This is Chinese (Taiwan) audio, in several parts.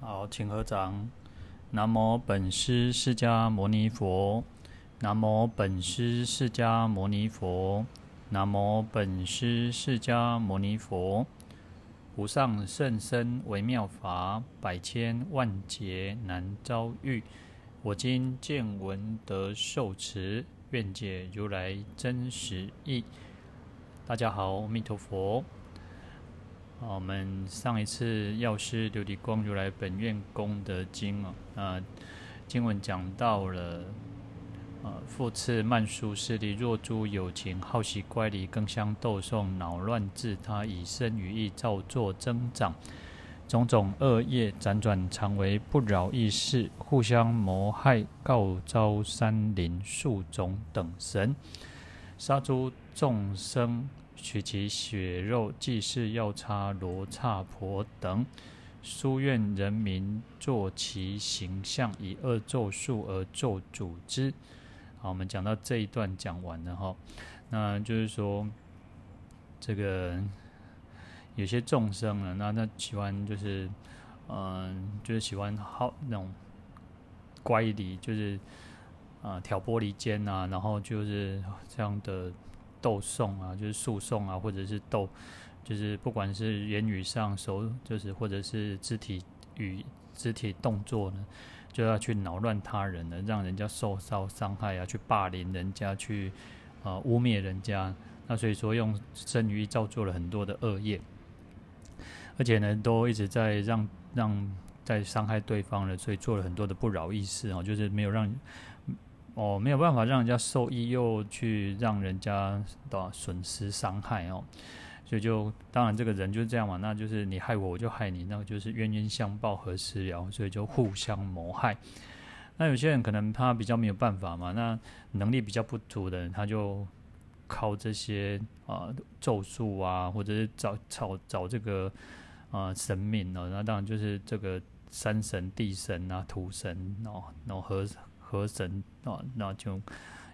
好，請合掌。南無本師釋迦牟尼佛，南無本師釋迦牟尼佛，南無本師釋迦牟尼佛。無上甚深微妙法，百千萬劫難遭遇。我今見聞得受持，願解如來真實義。大家好，阿彌陀佛。我們上一次藥師琉璃光如來本願功德經啊、呃，經文講到了，呃，復次曼殊室利，若諸有情，好喜乖離，更相鬥訟，惱亂自他，以身語意造作增長種種惡業，輾轉常為不饒益事，互相謀害，告召山林樹種等神，殺諸眾生。取其血肉祭祀，即是藥叉羅剎婆等，書院人民作其形象，以惡咒術而咒詛之。好，我們講到這一段講完了哈，那就是說，這個有些眾生啊，那那喜歡就是，嗯、呃，就是喜歡好那種乖離，就是啊、呃、挑撥離間啊，然後就是這樣的。鬥訟啊，就是訴訟啊，或者是鬥，就是不管是言語上、手，就是或者是肢體與肢體動作呢，就要去擾亂他人呢，讓人家受傷、傷害啊，去霸凌人家，去呃污衊人家。那所以說，用身語造作了很多的惡業，而且呢，都一直在讓讓在傷害對方了，所以做了很多的不饒益事啊，哦，就是沒有讓。哦，沒有辦法讓人家受益，又去讓人家的損失傷害哦，所以就當然這個人就是這樣嘛，那就是你害我，我就害你，那個就是冤冤相報何時了，所以就互相謀害。那有些人可能他比較沒有辦法嘛，那能力比較不足的人，他就靠這些啊、呃、咒術啊，或者是找找找這個啊、呃、神明哦，那當然就是這個山神、地神啊、土神哦，然後和。河神啊、哦，那就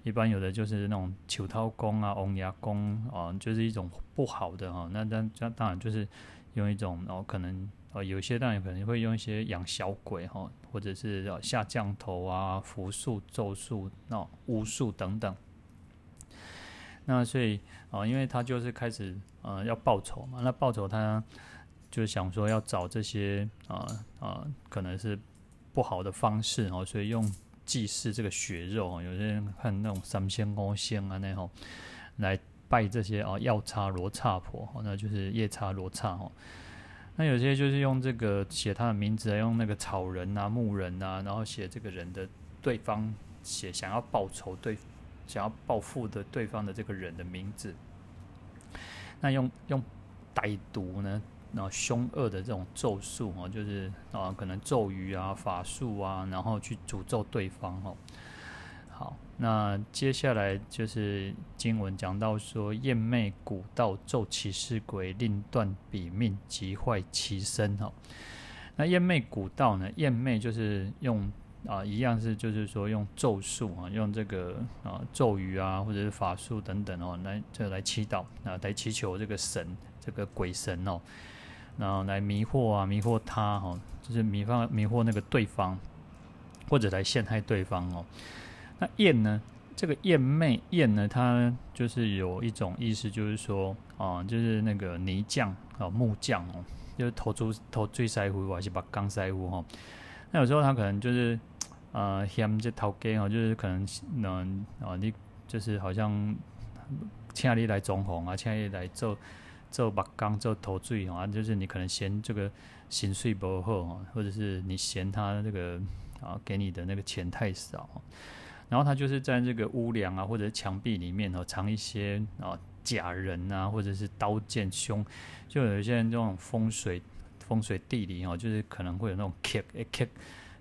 一般有的就是那種求濤功啊、紅牙功啊、哦，就是一種不好的哈、哦。那但當然就是用一種，然、哦、後可能、哦、有些當然可能會用一些養小鬼哈、哦，或者是叫下降頭啊、符術、咒術、那巫術等等。那所以啊、哦，因為他就是開始呃要報仇嘛，那報仇他就是想說要找這些啊啊、呃呃，可能是不好的方式哦，所以用。祭祀這個血肉，有些人看那種三牲五牲啊那種，來拜這些啊藥叉羅剎婆，那就是夜叉羅剎哦。那有些就是用這個寫他的名字，用那個草人啊木人啊，然後寫這個人的對方寫想要報仇對想要報復的對方的這個人的名字。那用用歹毒呢？那兇惡的這種咒術哦，就是啊，可能咒語啊、法術啊，然後去詛咒對方哦。好，那接下來就是經文講到說，厭魅蠱道咒起屍鬼，令斷彼命，及壞其身哦。那厭魅蠱道呢？厭魅就是用啊，一樣是就是說用咒術啊，用這個啊咒語啊，或者是法術等等哦，來這來祈禱啊，來祈求這個神這個鬼神哦。然後來迷惑啊，迷惑他吼、哦，就是迷放迷惑那個對方，或者來陷害對方哦。那燕呢？這個燕妹燕呢，它就是有一種意思，就是說啊、呃，就是那個泥匠啊、呃，木匠哦，就是頭粗頭錐腮鬍，還是把鋼腮胡哦，那有時候他可能就是呃，嫌這討債哦，就是可能能哦，你、呃呃、就是好像請你來裝紅啊，請你來做。就把剛就投好哈，就是你可能嫌這個薪水薄厚哈，或者是你嫌他那，這個啊給你的那個錢太少，然後他就是在這個屋梁啊或者牆壁裡面哦、啊、藏一些啊假人啊，或者是刀劍凶，就有一些這種風水風水地理哦、啊，就是可能會有那種 keep k 誒克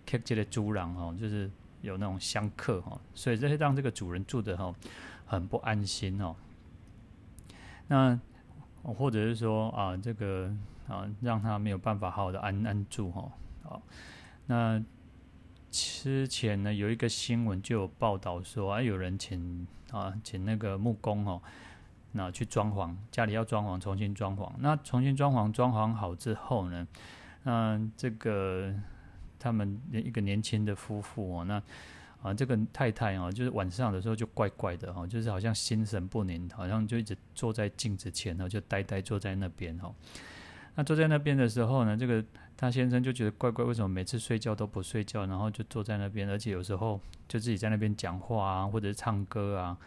克這些阻攔哦，就是有那種相克哦，所以這些讓這個主人住的哦、啊、很不安心哦、啊，那。或者是說啊，這個啊，讓他沒有辦法好好的安安住哈。好，那之前呢，有一個新聞就有報道說啊，有人請啊請那個木工哦，那去裝潢家裡要裝潢，重新裝潢。那重新裝潢裝潢好之後呢，嗯，這個他們一個年輕的夫婦哦，那。啊，這個太太啊，就是晚上的時候就怪怪的哈、啊，就是好像心神不寧，好像就一直坐在鏡子前呢、啊，就呆呆坐在那邊哦、啊，那坐在那邊的時候呢，這個他先生就覺得怪怪，為什麼每次睡覺都不睡覺，然後就坐在那邊，而且有時候就自己在那邊講話啊，或者是唱歌啊，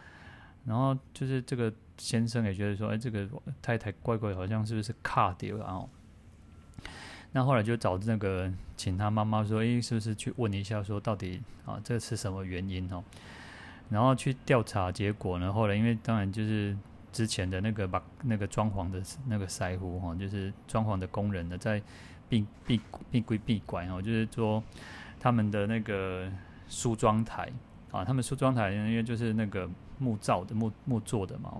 然後就是這個先生也覺得說，哎、欸，這個太太怪怪，好像是不是卡掉了、啊？那後來就找那個，請他媽媽說：“誒，是不是去問一下，說到底啊，這是什麼原因哦？”然後去調查，結果呢？後來因為當然就是之前的那個把那個裝潢的那個師傅哈，就是裝潢的工人的在閉閉閉歸閉關哦，就是說他們的那個梳妝台啊，他們梳妝台因為就是那個木造的木木做的嘛，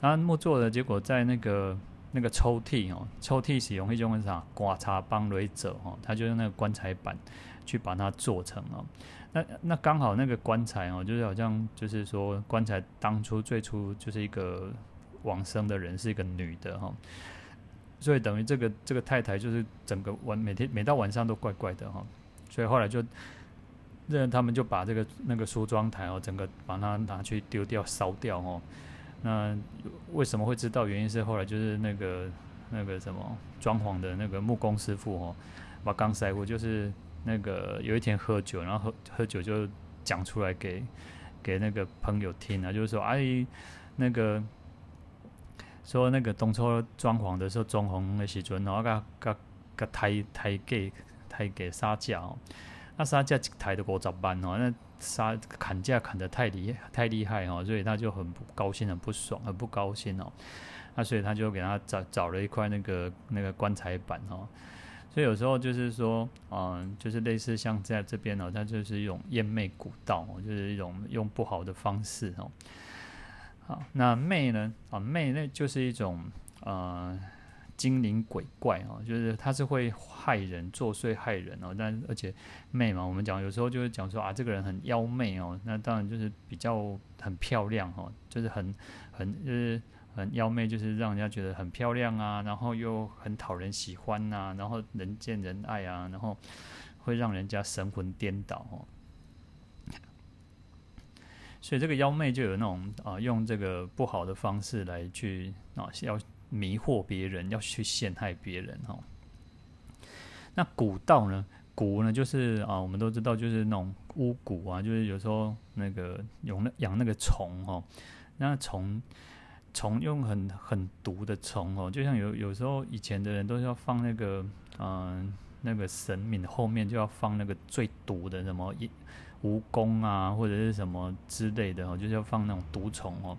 然後啊，木做的結果在那個。那個抽屜哦，抽屜使用一種啥刮擦幫鐳走哦，他就用那個棺材板，去把它做成哦。那那剛好那個棺材哦，就是好像就是說棺材當初最初就是一個往生的人，是一個女的哈、哦，所以等於這個這個太太就是整個晚每天每到晚上都怪怪的哈、哦，所以後來就那他們就把這個那個梳妝台哦，整個把它拿去丟掉燒掉哦。那為什麼會知道？原因是後來就是那個那個什麼裝潢的那個木工師傅哦、喔，把鋼塞過，就是那個有一天喝酒，然後喝喝酒就講出來給給那個朋友聽啊，就是說阿姨、哎、那個說那個當初裝潢的時候裝潢的時陣、喔，然後他個他太太給他給殺價。那殺價抬的過咋辦哦，那殺砍價砍的太厲害太厲害哦，所以他就很不高興，很不爽，很不高興哦。那所以他就給他找找了一塊那個那個棺材板哦。所以有時候就是說，嗯、呃，就是類似像在這邊哦，它就是一種厭魅蠱道、哦，就是一種用不好的方式哦。好，那魅呢？啊、哦，魅那就是一種嗯。呃精靈鬼怪哦，就是他是會害人作祟害人哦，但而且媚嘛，我們講有時候就會講說啊，這個人很妖媚哦，那當然就是比較很漂亮哦，就是很很就是很妖媚，就是讓人家覺得很漂亮啊，然後又很討人喜歡吶、啊，然後人見人愛啊，然後會讓人家神魂顛倒哦，所以這個妖媚就有那種啊，用這個不好的方式來去啊要。迷惑別人，要去陷害別人哈、哦。那蠱道呢？蠱呢，就是啊，我們都知道，就是那種巫蠱啊，就是有時候那個養養那,那個蟲哦。那蟲蟲用很很毒的蟲哦，就像有有時候以前的人都是要放那個嗯、呃、那個神明後面就要放那個最毒的什麼蜈蚣啊，或者是什麼之類的哦，就是要放那種毒蟲哦。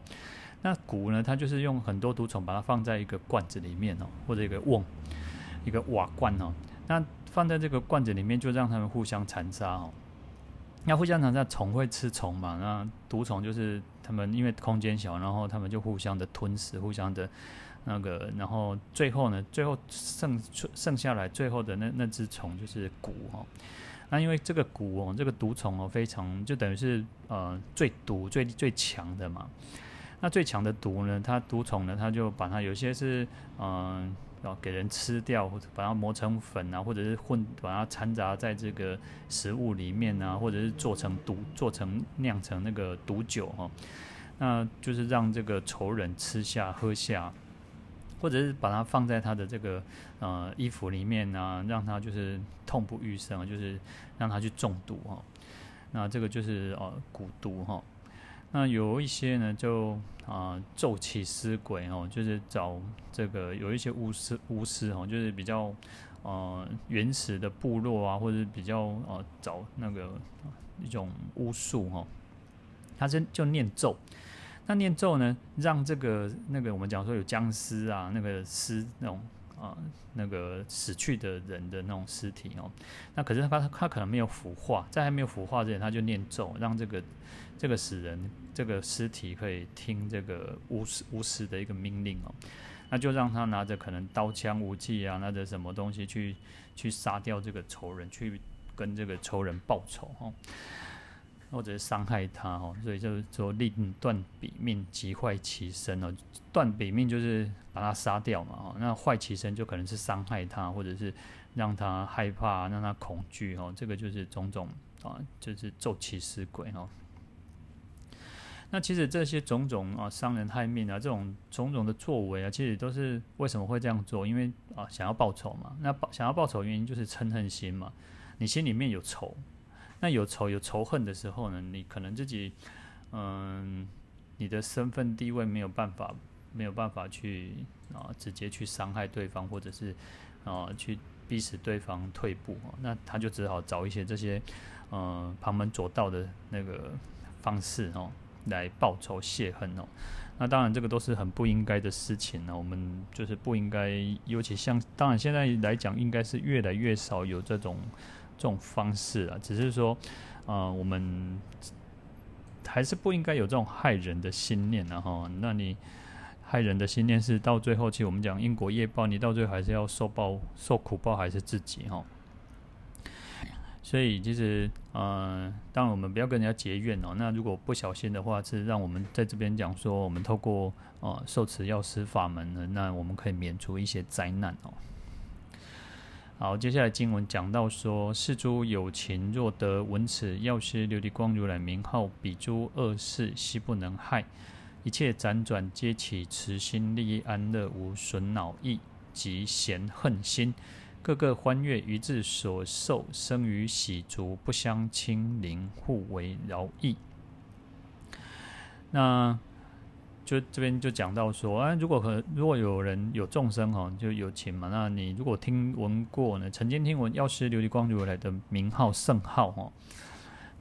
那蠱呢？它就是用很多毒蟲把它放在一個罐子裡面哦，或者一個甕、一個瓦罐哦。那放在這個罐子裡面，就讓他們互相殘殺哦。那互相殘殺，蟲會吃蟲嘛？那毒蟲就是他們因為空間小，然後他們就互相的吞噬，互相的那個，然後最後呢，最後剩剩下來最後的那那隻蟲就是蠱哦。那因為這個蠱哦，這個毒蟲哦，非常就等於是呃最毒最最強的嘛。那最強的毒呢？它毒蟲呢？它就把它有些是嗯，要、呃、給人吃掉，或者把它磨成粉啊，或者是混把它摻雜在這個食物裡面啊，或者是做成毒，做成釀成那個毒酒哈、啊，那就是讓這個仇人吃下、喝下，或者是把它放在他的這個呃衣服裡面啊，讓他就是痛不欲生，就是讓他去中毒哈、啊。那這個就是呃蠱毒哈、啊。那有一些呢，就啊、呃、咒起屍鬼哦，就是找這個有一些巫師巫師哦，就是比較呃原始的部落啊，或者比較呃找那個一種巫術哦，他是就念咒。那念咒呢，讓這個那個我們講說有僵屍啊，那個屍那種啊、呃、那個死去的人的那種屍體哦，那可是他他他可能沒有腐化，在還沒有腐化之前，他就念咒讓這個。這個死人，這個屍體可以聽這個巫師巫師的一個命令哦，那就讓他拿着可能刀槍武器啊，拿着什麼東西去去殺掉這個仇人，去跟這個仇人報仇哦，或者是傷害他哦，所以就是說，令斷彼命，及壞其身哦。斷彼命就是把他殺掉嘛哦，那壞其身就可能是傷害他，或者是讓他害怕，讓他恐懼哦。這個就是種種啊，就是咒起屍鬼哦。那其實這些種種啊，傷人害命啊，這種種種的作為啊，其實都是為什麼會這樣做？因為啊、呃，想要報仇嘛。那報想要報仇原因就是嗔恨心嘛。你心裡面有仇，那有仇有仇恨的時候呢，你可能自己，嗯、呃，你的身份地位沒有辦法沒有辦法去啊、呃、直接去傷害對方，或者是啊、呃、去逼使對方退步。那他就只好找一些這些嗯、呃、旁門左道的那個方式哦。呃來報仇泄恨哦，那當然這個都是很不應該的事情呢、啊。我們就是不應該，尤其像當然現在來講，應該是越來越少有這種這種方式了、啊。只是說，啊、呃，我們還是不應該有這種害人的心念啊哈。那你害人的心念是到最後，其實我們講因果業報，你到最後還是要受報，受苦報還是自己哈。所以，其實，嗯、呃，當然我們不要跟人家結怨哦。那如果不小心的話，是讓我們在這邊講說，我們透過哦、呃、受持藥師法門呢，那我們可以免除一些災難哦。好，接下來經文講到說，是諸有情若得聞此藥師琉璃光如來名號，彼諸惡事悉不能害，一切輾轉皆起慈心，利益安樂，無損惱意及嫌恨心。各個歡悅，於自所受，生於喜足，不相侵凌，互為饒益。那就這邊就講到說，啊、哎，如果如果有人有眾生哈、哦，就有情嘛。那你如果聽聞過呢，曾經聽聞藥師琉璃光如來的名號聖號哈、哦，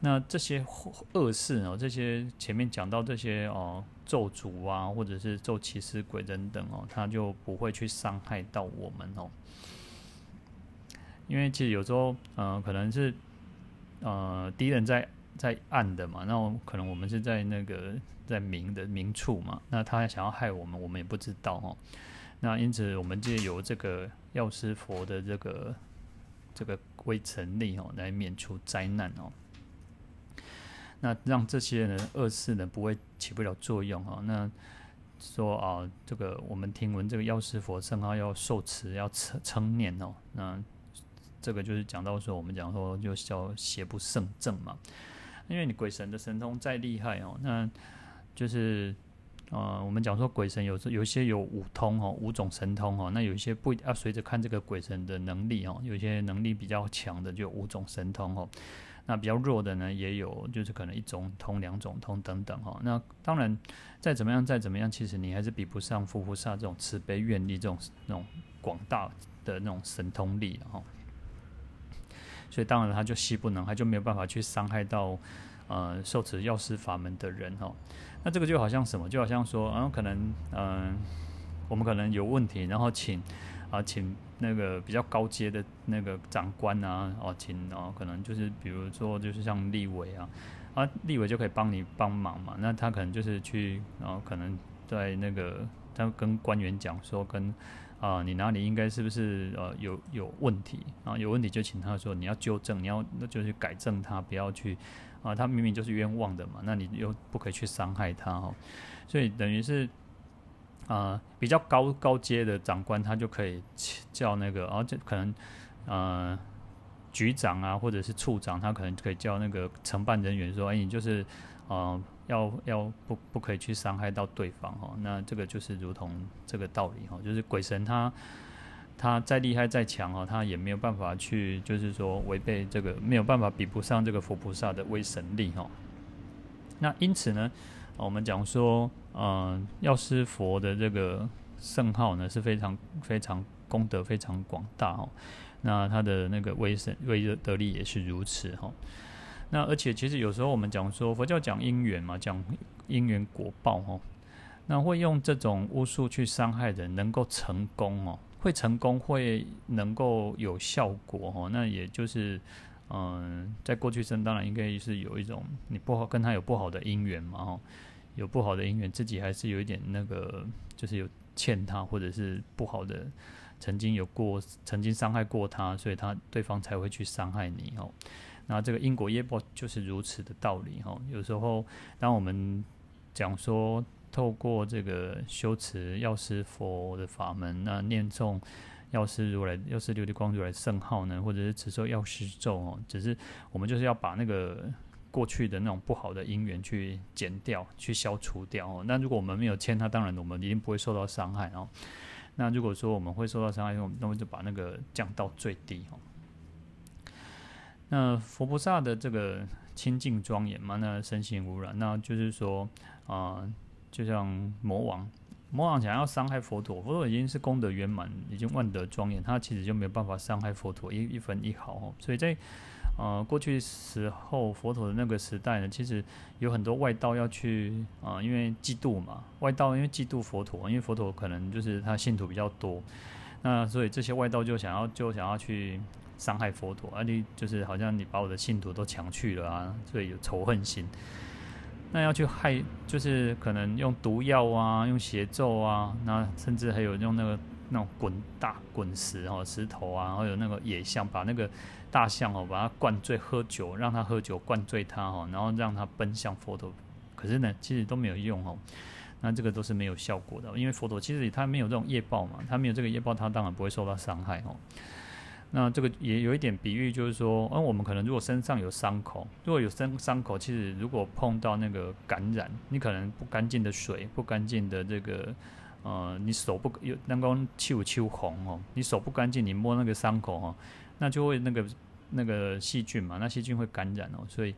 那這些惡事哦，這些前面講到這些哦，咒詛啊，或者是咒起屍鬼人等、等哦，他就不會去傷害到我們哦。因為其實有時候，嗯、呃、可能是，呃，敵人在在暗的嘛，那我可能我們是在那個在明的明處嘛，那他想要害我們，我們也不知道哦。那因此，我們借由這個藥師佛的這個這個威神力哦，來免除災難哦。那讓這些人惡事呢，不會起不了作用哦。那說啊，這個我們聽聞這個藥師佛聖號要受持要稱稱念哦，那。這個就是講到說，我們講說就叫邪不勝正嘛。因為你鬼神的神通再厲害哦，那就是呃，我們講說鬼神有時有些有五通哦，五種神通哦。那有一些不啊，隨着看這個鬼神的能力哦，有一些能力比較強的就有五種神通哦。那比較弱的呢，也有就是可能一種通，兩種通等等哦。那當然再怎麼樣再怎麼樣，其實你還是比不上佛菩薩這種慈悲願力這種那種廣大的那種神通力哦。所以當然他就吸不能，他就沒有辦法去傷害到，呃，受持藥師法門的人哦。那這個就好像什麼？就好像說，啊，可能，嗯，我們可能有問題，然後請，啊，請那個比較高階的那個長官啊，哦，請，哦，可能就是比如說就是像立委啊，啊，立委就可以幫你幫忙嘛。那他可能就是去，然後，啊，可能在那個他跟官員講說跟。啊，你哪裡應該是不是呃、啊、有有問題啊？有問題就請他說你要糾正，你要那就去改正他，不要去啊，他明明就是冤枉的嘛，那你又不可以去傷害他哦，所以等於是啊，比較高高階的長官他就可以叫那個啊，就可能啊，局長啊，或者是處長，他可能可以叫那個承辦人員說，哎、欸，你就是啊。要要不不可以去傷害到對方哈，那這個就是如同這個道理哈，就是鬼神他他再厲害再強哈，他也沒有辦法去，就是說違背這個，沒有辦法比不上這個佛菩薩的威神力哈。那因此呢，我們講說，嗯，藥師佛的這個聖號呢是非常非常功德非常廣大哦，那他的那個威神威德力也是如此哈。那而且其實有時候我們講說佛教講因緣嘛，講因緣果報哈、喔，那會用這種巫術去傷害人，能夠成功哦、喔，會成功會能夠有效果哦、喔。那也就是，嗯，在過去生當然應該是有一種你不好跟他有不好的因緣嘛哈、喔，有不好的因緣，自己還是有一點那個就是有欠他，或者是不好的，曾經有過曾經傷害過他，所以他對方才會去傷害你哦、喔。那這個因果業報就是如此的道理哈、哦。有時候，當我們講說透過這個修持藥師佛的法門，那念誦藥師如來、藥師琉璃光如來聖號呢，或者是持咒藥師咒哦，只是我們就是要把那個過去的那種不好的因緣去減掉、去消除掉哦。那如果我們沒有欠他，當然我們一定不會受到傷害哦。那如果說我們會受到傷害，我們那麼就把那個降到最低哦。那佛菩薩的這個清淨莊嚴嘛，那身心無染，那就是說啊、呃，就像魔王，魔王想要傷害佛陀，佛陀已經是功德圓滿，已經萬德莊嚴，他其實就沒有辦法傷害佛陀一一分一毫。所以在呃過去時候，佛陀的那個時代呢，其實有很多外道要去啊、呃，因為嫉妒嘛，外道因為嫉妒佛陀，因為佛陀可能就是他信徒比較多，那所以這些外道就想要就想要去。傷害佛陀啊！你就是好像你把我的信徒都搶去了啊！所以有仇恨心，那要去害，就是可能用毒藥啊，用邪咒啊，那甚至還有用那個那種滾大滾石哦，石頭啊，還有那個野象，把那個大象哦，把它灌醉喝酒，讓它喝酒灌醉它哦，然後讓它奔向佛陀。可是呢，其實都沒有用哦，那這個都是沒有效果的，因為佛陀其實他沒有這種業報嘛，他沒有這個業報，他當然不會受到傷害哦。那這個也有一點比喻，就是說，呃，我們可能如果身上有傷口，如果有傷傷口，其實如果碰到那個感染，你可能不乾淨的水、不乾淨的這個，呃，你手不有剛剛秋秋紅哦，你手不乾淨，你摸那個傷口哦，那就會那個那個細菌嘛，那細菌會感染哦、喔。所以，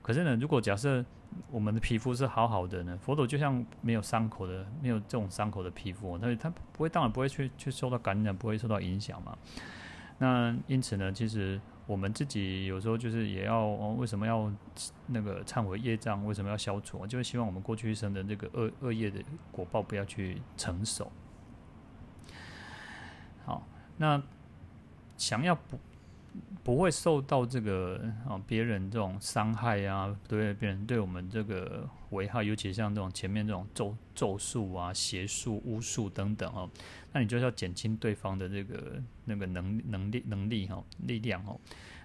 可是呢，如果假設我們的皮膚是好好的呢，佛陀就像沒有傷口的、沒有這種傷口的皮膚、喔，那它不會當然不會去去受到感染，不會受到影響嘛。那因此呢，其實我們自己有時候就是也要、哦，為什麼要那個懺悔業障？為什麼要消除？就是希望我們過去一生的這個惡惡業的果報不要去成熟。好，那想要不。不會受到這個啊，別人這種傷害啊，對別人對我們這個危害，尤其像這種前面這種咒咒術啊、邪術、巫術等等哦、喔。那你就是要減輕對方的這個那個能力能力能力哈、喔、力量哦、喔，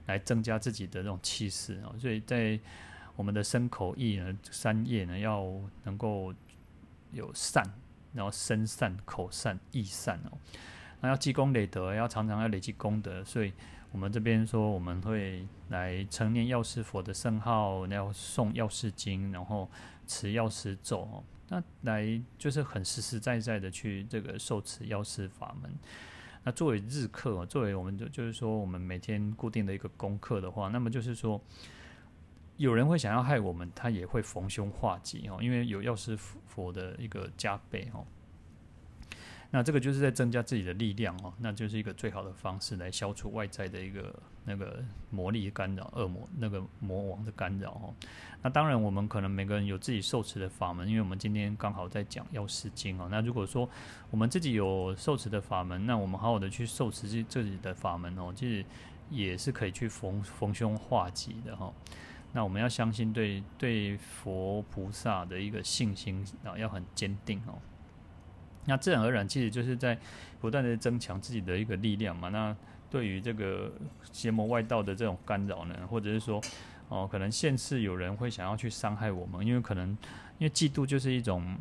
來增加自己的這種氣勢、喔、所以在我們的身口意呢三業呢，要能夠有善，然後身善、口善、意善哦、喔。那要積功累德，要常常要累積功德，所以。我們這邊說，我們會來稱念藥師佛的聖號，要誦藥師經，然後持藥師咒，那來就是很實實在在的去這個受持藥師法門。那作為日課，作為我們就就是說我們每天固定的一個功課的話，那麼就是說，有人會想要害我們，他也會逢凶化吉哦，因為有藥師佛的一個加被哦。那這個就是在增加自己的力量哦，那就是一個最好的方式來消除外在的一個那個魔力干擾、惡魔那個魔王的干擾哦。那當然，我們可能每個人有自己受持的法門，因為我們今天剛好在講藥師經哦。那如果說我們自己有受持的法門，那我們好好的去受持這自己的法門哦，其實也是可以去逢逢凶化吉的哈、哦。那我們要相信對對佛菩薩的一個信心啊，要很堅定哦。那自然而然，其實就是在不斷的增強自己的一個力量嘛。那對於這個邪魔外道的這種干擾呢，或者是說，哦，可能現世有人會想要去傷害我們，因為可能，因為嫉妒就是一種，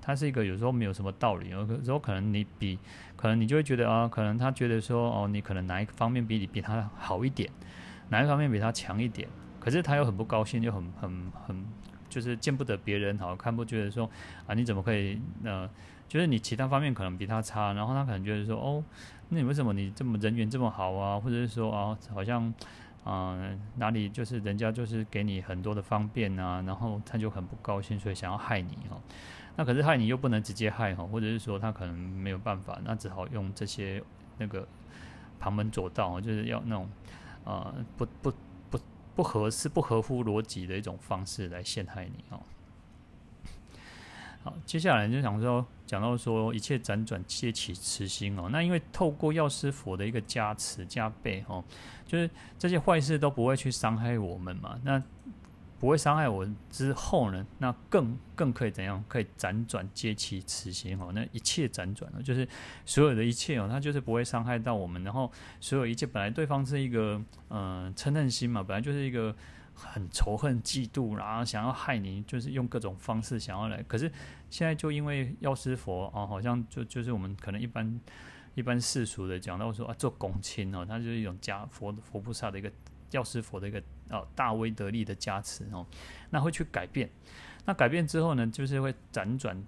它是一個有時候沒有什麼道理。有時候可能你比，可能你就會覺得啊，可能他覺得說，哦，你可能哪一方面比你比他好一點，哪一方面比他強一點，可是他又很不高興，就很很很，就是見不得別人好看，不覺得說啊，你怎麼可以呃就是你其他方面可能比他差，然後他可能覺得說哦，那你為什麼你這麼人緣這麼好啊？或者是說啊，好像啊、呃、哪裡就是人家就是給你很多的方便啊，然後他就很不高興，所以想要害你哦。那可是害你又不能直接害哦，或者是說他可能沒有辦法，那只好用這些那個旁門左道，就是要那種呃不不不不合適、不合，不合乎邏輯的一種方式來陷害你哦。好，接下來就想說。講到說，一切輾轉皆起慈心哦，那因為透過藥師佛的一個加持加被。哦，就是這些壞事都不會去傷害我們嘛，那不會傷害我之後呢，那更更可以怎樣？可以輾轉皆起慈心哦，那一切輾轉就是所有的一切哦，它就是不會傷害到我們，然後所有一切本來對方是一個嗯嗔恨心嘛，本來就是一個。很仇恨、嫉妒、啊，然後想要害你，就是用各種方式想要來。可是現在就因為藥師佛啊、哦，好像就就是我們可能一般一般世俗的講到說啊，做公親哦，它就是一種加佛佛菩薩的一個藥師佛的一個哦大威德力的加持哦，那會去改變。那改變之後呢，就是會輾轉，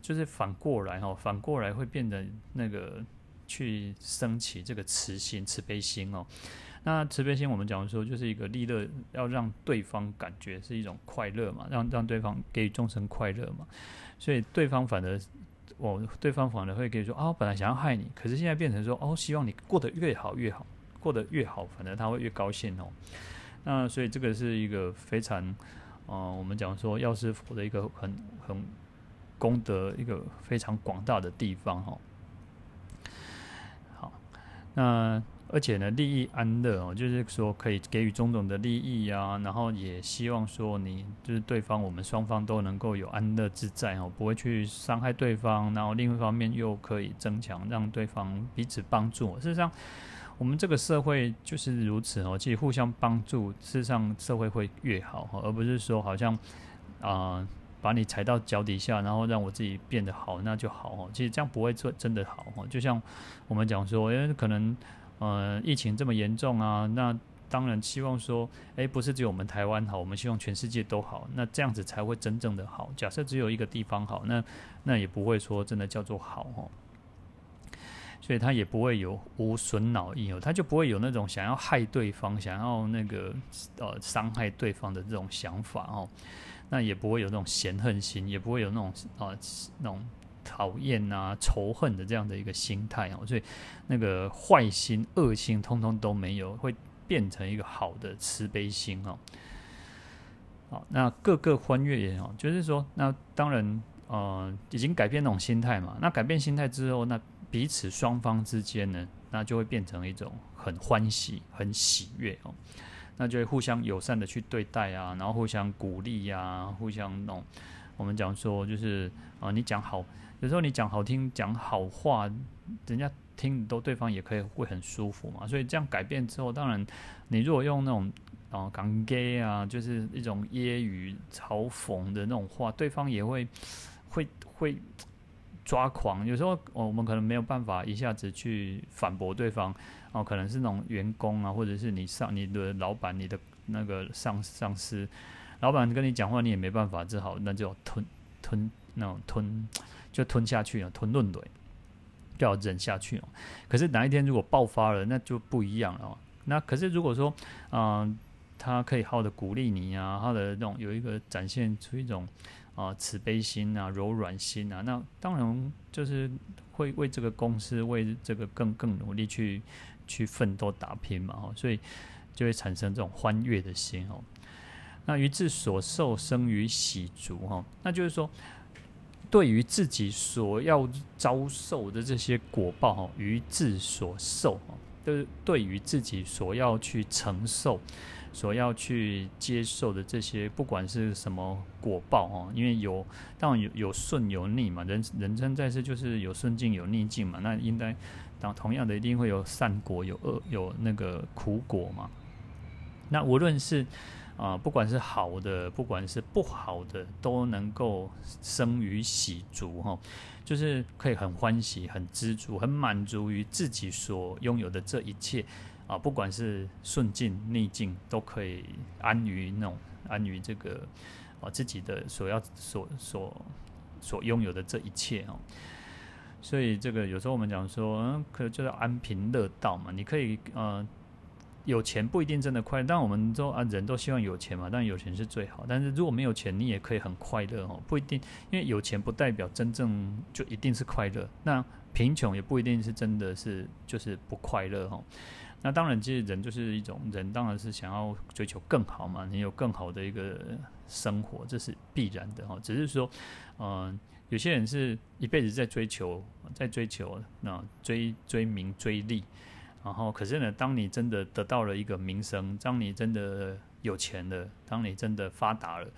就是反過來哦，反過來會變得那個去升起這個慈心、慈悲心哦。那慈悲心，我們講說就是一個利樂，要讓對方感覺是一種快樂嘛，讓讓對方給予眾生快樂嘛，所以對方反而，我、哦、對方反而會跟你說哦，啊、本來想要害你，可是現在變成說哦，希望你過得越好越好，過得越好，反而他會越高興哦。那所以這個是一個非常，啊、呃，我們講說藥師佛的一個很很功德，一個非常廣大的地方哦。好，那。而且呢，利益安樂哦，就是說可以給予種種的利益啊，然後也希望說你就是對方，我們雙方都能夠有安樂自在哦，不會去傷害對方，然後另一方面又可以增強，讓對方彼此幫助。事實上，我們這個社會就是如此哦，其實互相幫助，事實上社會會越好哦，而不是說好像啊，呃，把你踩到腳底下，然後讓我自己變得好，那就好哦。其實這樣不會做真的好哦，就像我們講說，因為可能。呃，疫情這麼嚴重啊，那當然希望說，哎，不是只有我們台灣好，我們希望全世界都好，那這樣子才會真正的好。假設只有一個地方好，那那也不會說真的叫做好哦。所以他也不會有無損惱意哦，他就不會有那種想要害對方、想要那個呃傷害對方的這種想法哦。那也不會有那種嫌恨心，也不會有那種啊、呃、那種。討厭啊，仇恨的這樣的一個心態哦，所以那個壞心、惡心，通通都沒有，會變成一個好的慈悲心哦。好，那各個歡悅也好，就是說，那當然、呃、已經改變那種心態嘛。那改變心態之後，那彼此雙方之間呢，那就會變成一種很歡喜、很喜悅哦。那就會互相友善的去對待啊，然後互相鼓勵呀、啊，互相那種我們講說就是啊、呃，你講好。有時候你講好聽，講好話，人家聽都對方也可以會很舒服嘛。所以這樣改變之後，當然你如果用那種哦港 Gay 啊，就是一種揶揄、嘲諷的那種話，對方也會會會抓狂。有時候，呃，我們可能沒有辦法一下子去反駁對方哦、呃，可能是那種員工啊，或者是你上你的老闆、你的那個上上司，老闆跟你講話你也沒辦法，只好那就吞吞。那種吞就吞下去了，吞吞就要忍下去哦。可是哪一天如果爆發了，那就不一樣了。那可是如果說，啊、呃，他可以好的鼓勵你啊，他的那種有一個展現出一種啊、呃、慈悲心啊、柔軟心啊，那當然就是會為這個公司為這個更更努力去去奮鬥打拼嘛。哦，所以就會產生這種歡悅的心哦。那於自所受生於喜足哈，那就是說。對於自己所要遭受的這些果報哈，於自所受啊，就是對於自己所要去承受、所要去接受的這些，不管是什麼果報哈，因為有當然有有順有逆嘛，人人生在世就是有順境有逆境嘛，那應該當同樣的一定會有善果有惡有那個苦果嘛，那無論是。啊，不管是好的，不管是不好的，都能夠生於喜足哈、哦，就是可以很歡喜、很知足、很滿足於自己所擁有的這一切啊。不管是順境、逆境，都可以安於那種安於這個啊自己的所要所所所擁有的這一切，哦。所以這個有時候我們講說，嗯，可能就是安貧樂道嘛，你可以，呃有錢不一定真的快樂，但我們說啊，人都希望有錢嘛。但有錢是最好，但是如果沒有錢，你也可以很快樂哦。不一定，因為有錢不代表真正就一定是快樂。那貧窮也不一定是真的是就是不快樂哈、哦。那當然，其實人就是一種人，當然是想要追求更好嘛，你有更好的一個生活，這是必然的哈、哦。只是說，嗯、呃，有些人是一輩子在追求，在追求，那、啊、追追名追利。然後，可是呢，當你真的得到了一個名聲，當你真的有錢了，當你真的發達了，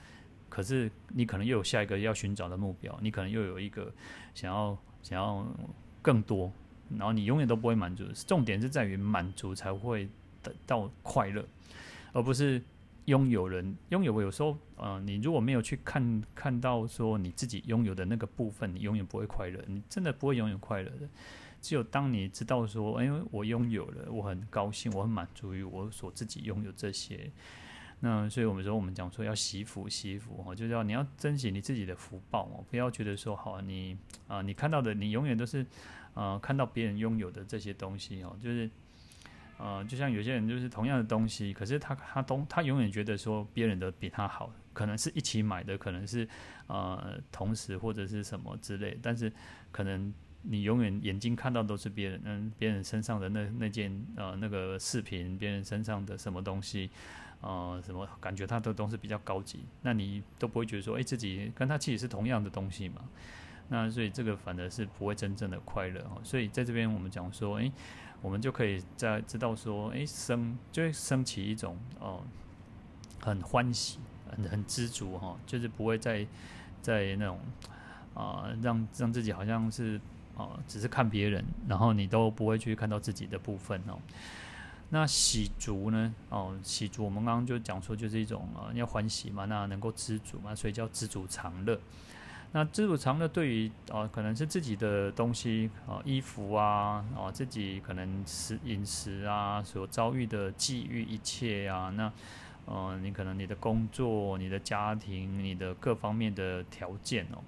可是你可能又有下一個要尋找的目標，你可能又有一個想要想要更多，然後你永遠都不會滿足。重點是在於滿足才會得到快樂，而不是擁有人擁有。有時候，嗯、呃，你如果沒有去看看到說你自己擁有的那個部分，你永遠不會快樂，你真的不會永遠快樂的。只有當你知道說，哎，因為我擁有了，我很高興，我很滿足於我所自己擁有這些。那所以，我們說，我們講說要惜福，惜福哦，就是要你要珍惜你自己的福報哦，不要覺得說，好你啊、呃，你看到的，你永遠都是，呃，看到別人擁有的這些東西哦，就是，呃，就像有些人，就是同樣的東西，可是他他都他永遠覺得說別人的比他好，可能是一起買的，可能是呃同時或者是什麼之類，但是可能。你永遠眼睛，看到都是別人，嗯，別人身上的那那件呃那個飾品，別人身上的什麼東西，呃，什麼感覺，他都都是比較高級，那你都不會覺得說，哎、欸，自己跟他其實是同樣的東西嘛，那所以這個反而是不會真正的快樂哈、哦。所以在這邊我們講說，哎、欸，我們就可以在知道說，哎、欸，生就會生起一種哦、呃，很歡喜，很很知足哈、哦，就是不會再在，在那種啊、呃，讓讓自己好像是。只是看別人，然後你都不會去看到自己的部分哦。那喜足呢？哦，喜足，我們剛剛就講說，就是一種啊，呃、你要歡喜嘛，那能夠知足嘛，所以叫知足常樂。那知足常樂，對於啊、呃，可能是自己的東西啊、呃，衣服啊，啊、呃，自己可能食飲食啊，所遭遇的際遇一切啊，那，呃，你可能你的工作、你的家庭、你的各方面的條件哦，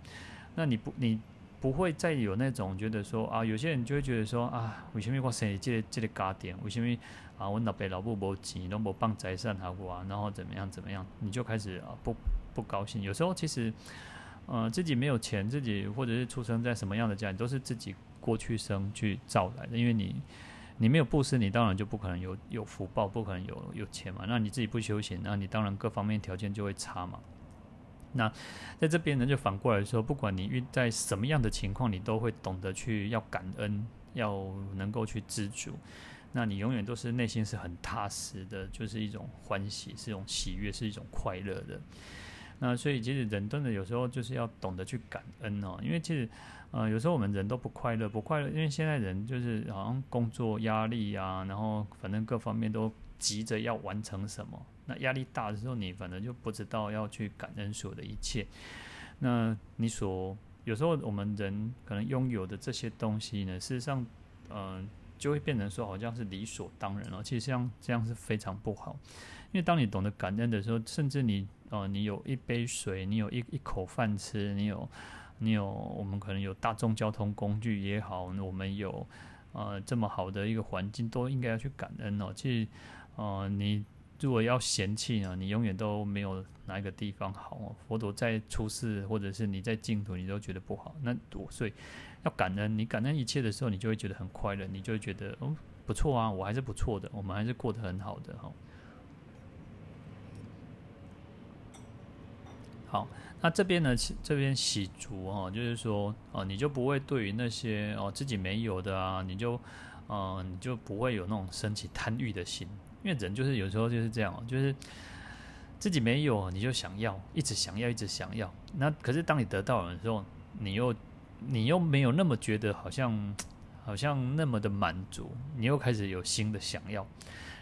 那你不你。不會再有那種覺得說啊，有些人就會覺得說啊，為什麼我生在這個、這裡、個、家庭？為什麼啊，我老爸老母無錢，攏無辦財產好過啊？然後怎麼樣怎麼樣？你就開始啊不不高興。有時候其實，呃，自己沒有錢，自己或者是出生在什麼樣的家裡，都是自己過去生去造來的。因為你你沒有布施，你當然就不可能有有福報，不可能有有錢嘛。那你自己不修行，那你當然各方面條件就會差嘛。那在這邊呢，就反過來說，不管你遇在什麼樣的情況，你都會懂得去要感恩，要能夠去知足。那你永遠都是內心是很踏實的，就是一種歡喜，是一種喜悅，是一種快樂的。那所以，其實人真的有時候就是要懂得去感恩哦，因為其實，呃，有時候我們人都不快樂，不快樂，因為現在人就是好像工作壓力啊，然後反正各方面都急着要完成什麼。那壓力大的時候，你反正就不知道要去感恩所有的一切。那你所有時候，我們人可能擁有的這些東西呢，事實上，嗯、呃，就會變成說好像是理所當然了。其實這樣這樣是非常不好，因為當你懂得感恩的時候，甚至你哦、呃，你有一杯水，你有一一口飯吃，你有你有我們可能有大眾交通工具也好，我們有呃這麼好的一個環境，都應該要去感恩哦。其實，呃，你。如果要嫌棄呢，你永遠都沒有哪一個地方好。佛陀在出世，或者是你在淨土，你都覺得不好。那所以要感恩，你感恩一切的時候，你就會覺得很快樂，你就會覺得哦不錯啊，我還是不錯的，我們還是過得很好的哈。好，那這邊呢，這邊喜足哈，就是說哦，你就不會對於那些哦自己沒有的啊，你就嗯、呃，你就不會有那種生起貪慾的心。因為人就是有時候就是這樣，就是自己沒有，你就想要，一直想要，一直想要。那可是當你得到的時候，你又你又沒有那麼覺得好像好像那麼的滿足，你又開始有新的想要，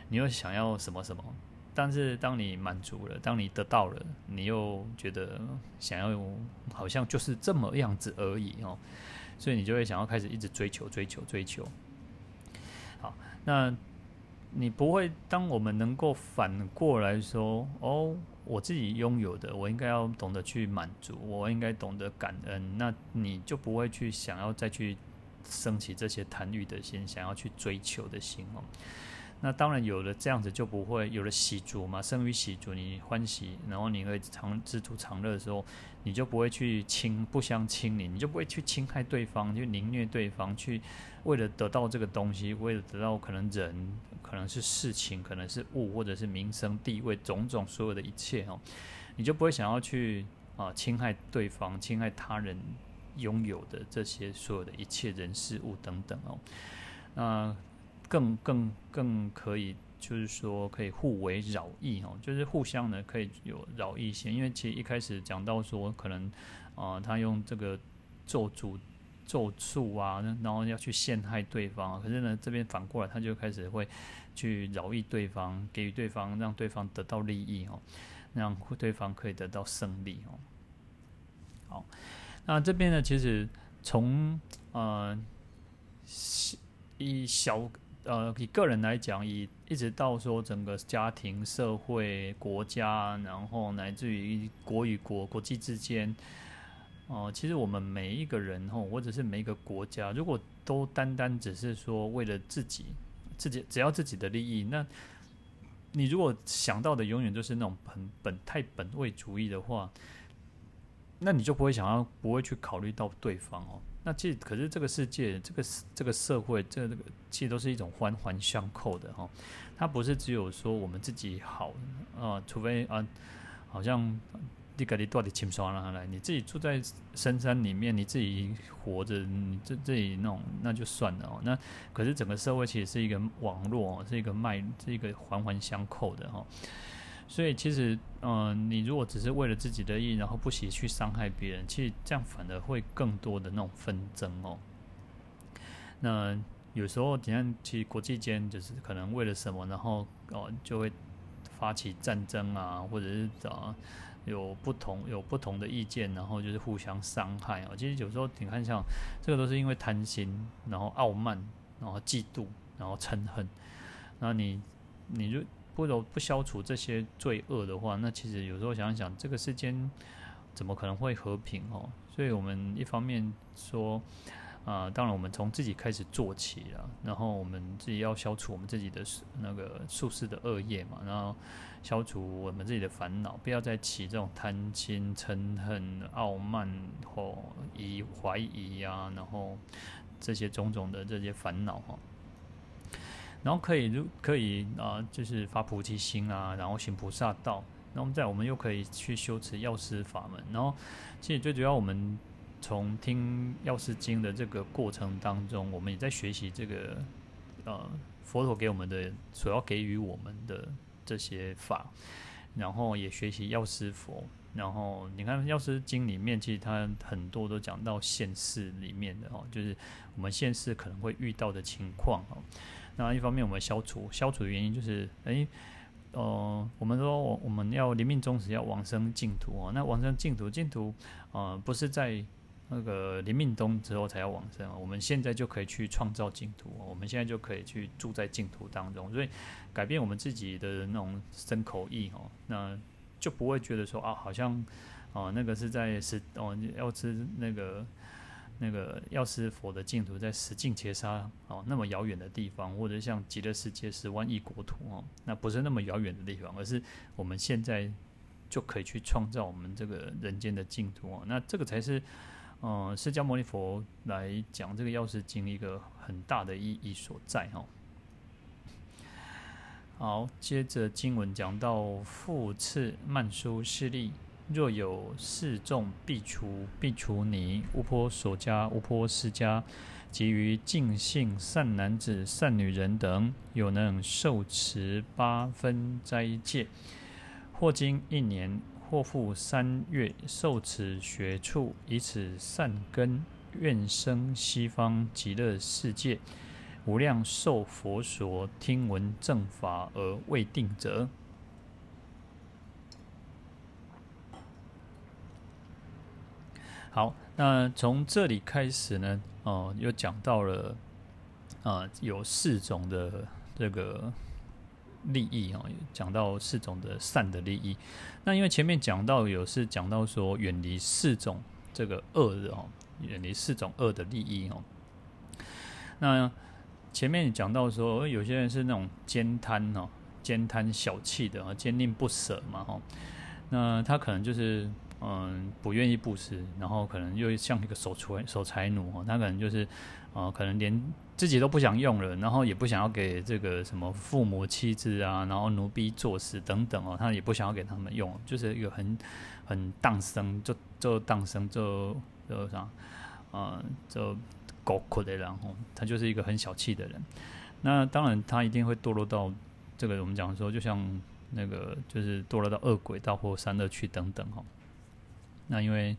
你又想要什麼什麼。但是當你滿足了，當你得到了，你又覺得想要好像就是這麼樣子而已哦，所以你就會想要開始一直追求，追求，追求。好，那。你不會，當我們能夠反過來說，哦，我自己擁有的，我應該要懂得去滿足，我應該懂得感恩，那你就不會去想要再去升起這些貪欲的心，想要去追求的心哦。那當然有了，這樣子就不會有了喜足嘛，生於喜足，你歡喜，然後你會常知足常樂的時候，你就不會去侵，不相侵你，你就不會去侵害對方，就凌虐對方，去為了得到這個東西，為了得到可能人，可能是事情，可能是物，或者是名聲地位種種所有的一切哦，你就不會想要去啊、呃、侵害對方，侵害他人擁有的這些所有的一切人事物等等哦，那、呃。更更更可以，就是說可以互為饒益哦，就是互相的可以有饒益性，因為其實一開始講到說可能啊、呃，他用這個咒詛咒術啊，然後要去陷害對方，可是呢這邊反過來他就開始會去饒益對方，給予對方，對方讓對方得到利益哦、喔，讓對方可以得到勝利哦、喔。好，那這邊呢其實從呃一小。呃，以個人來講，以一直到說整個家庭、社會、國家，然後乃至於國與國、國際之間，哦、呃，其實我們每一個人哦，或者是每一個國家，如果都單單只是說為了自己，自己只要自己的利益，那你如果想到的永遠就是那種很本，本太本位主義的話，那你就不會想要，不會去考慮到對方哦。那這可是這個世界，這個這個社會，這個、這個其實都是一種環環相扣的哈、哦。它不是只有說我們自己好啊、呃，除非啊，好像你到底了，你自己住在深山裡面，你自己活着，你自自己弄那，那就算了哦。那可是整個社會其實是一個網絡，是一個脈，是一個環環相扣的哈、哦。所以其實，嗯、呃，你如果只是為了自己的利益，然後不惜去傷害別人，其實這樣反而會更多的那種紛爭哦。那有時候你看，其實國際間就是可能為了什麼，然後哦、呃、就會發起戰爭啊，或者是啊、呃、有不同有不同的意見，然後就是互相傷害啊。其實有時候你看像這個都是因為貪心，然後傲慢，然後嫉妒，然後嗔恨。那你你就。如果不消除這些罪惡的話，那其實有時候想想，這個世間怎麼可能會和平哦？所以我們一方面說，啊、呃，當然我們從自己開始做起啦。然後我們自己要消除我們自己的那個宿世的惡業嘛，然後消除我們自己的煩惱，不要再起這種貪心、嗔恨、傲慢或疑、哦、懷疑啊，然後這些種種的這些煩惱哈、哦。然後可以，可以啊、呃，就是發菩提心啊，然後行菩薩道。然後，我們再我們又可以去修持藥師法門。然後，其實最主要，我們從聽藥師經的這個過程當中，我們也在學習這個呃佛陀給我們的，所要給予我們的這些法，然後也學習藥師佛。然後，你看藥師經裡面，其實它很多都講到現世裡面的哦，就是我們現世可能會遇到的情況那一方面，我們消除消除的原因就是，哎，呃，我們說，我我們要臨命終時要往生淨土哦，那往生淨土，淨土，呃，不是在那個臨命終之後才要往生，我們現在就可以去創造淨土，我們現在就可以去住在淨土當中。所以，改變我們自己的那種身口意哦，那就不會覺得說啊，好像啊、呃，那個是在是哦，要吃那個。那個藥師佛的淨土在十殑伽沙哦，那麼遙遠的地方，或者像極樂世界十萬億國土哦，那不是那麼遙遠的地方，而是我們現在就可以去創造我們這個人間的淨土哦。那這個才是嗯、呃，釋迦牟尼佛來講這個藥師經一個很大的意義所在哦。好，接着經文講到復次曼殊師利，若有四眾苾芻、苾芻尼，鄔波索迦、鄔波斯迦，及於淨信善男子、善女人等，有能受持八分齋戒，或經一年，或復三月，受持學處，以此善根，願生西方極樂世界，無量壽佛所聽聞正法而未定者。好，那從這裡開始呢，哦、呃，又講到了，啊、呃，有四種的這個利益啊，講到四種的善的利益。那因為前面講到有是講到說遠離四種這個惡的哦，遠離四種惡的利益哦。那前面講到說有些人是那種慳貪哦，慳貪小氣的啊，堅定不捨嘛哈，那他可能就是。嗯，不願意布施，然後可能又像一個守財守財奴哦，他可能就是，呃，可能連自己都不想用了，然後也不想要給這個什麼父母、妻子啊，然後奴婢做事等等哦，他也不想要給他們用，就是一個很很蕩生，就就蕩生就就啥，嗯，就苟哭的人，然後，哦，他就是一個很小氣的人。那當然，他一定會墮落到這個我們講說，就像那個就是墮落到惡鬼道或三惡趣等等哦。那因為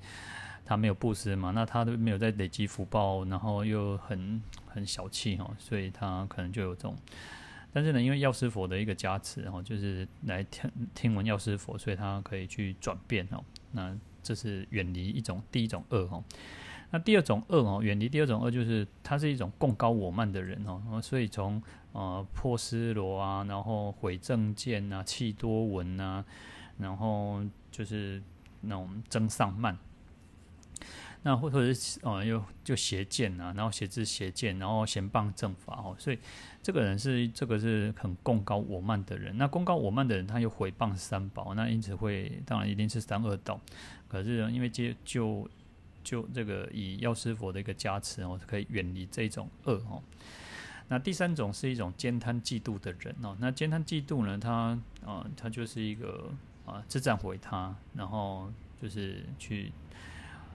他沒有布施嘛，那他都沒有在累積福報，然後又很很小氣哦，所以他可能就有這種。但是呢，因為藥師佛的一個加持哦，就是來聽聽聞藥師佛，所以他可以去轉變哦。那這是遠離一種第一種惡哦。那第二種惡哦，遠離第二種惡就是他是一種貢高我慢的人哦。所以從破、呃、屍羅啊，然後毀正見吶、啊，棄多聞吶、啊，然後就是。那我們增上慢，那或者是哦、呃，又就邪見啊，然後邪知邪見，然後邪謗正法哦，所以這個人是這個是很貢高我慢的人。那貢高我慢的人，他又毀謗三寶，那因此會當然一定是三惡道。可是呢，因為接就就這個以藥師佛的一個加持哦，可以遠離這一種惡哦。那第三種是一種慳貪嫉妒的人哦。那慳貪嫉妒呢，他啊、呃，他就是一個。啊，自贊毀他，然後就是去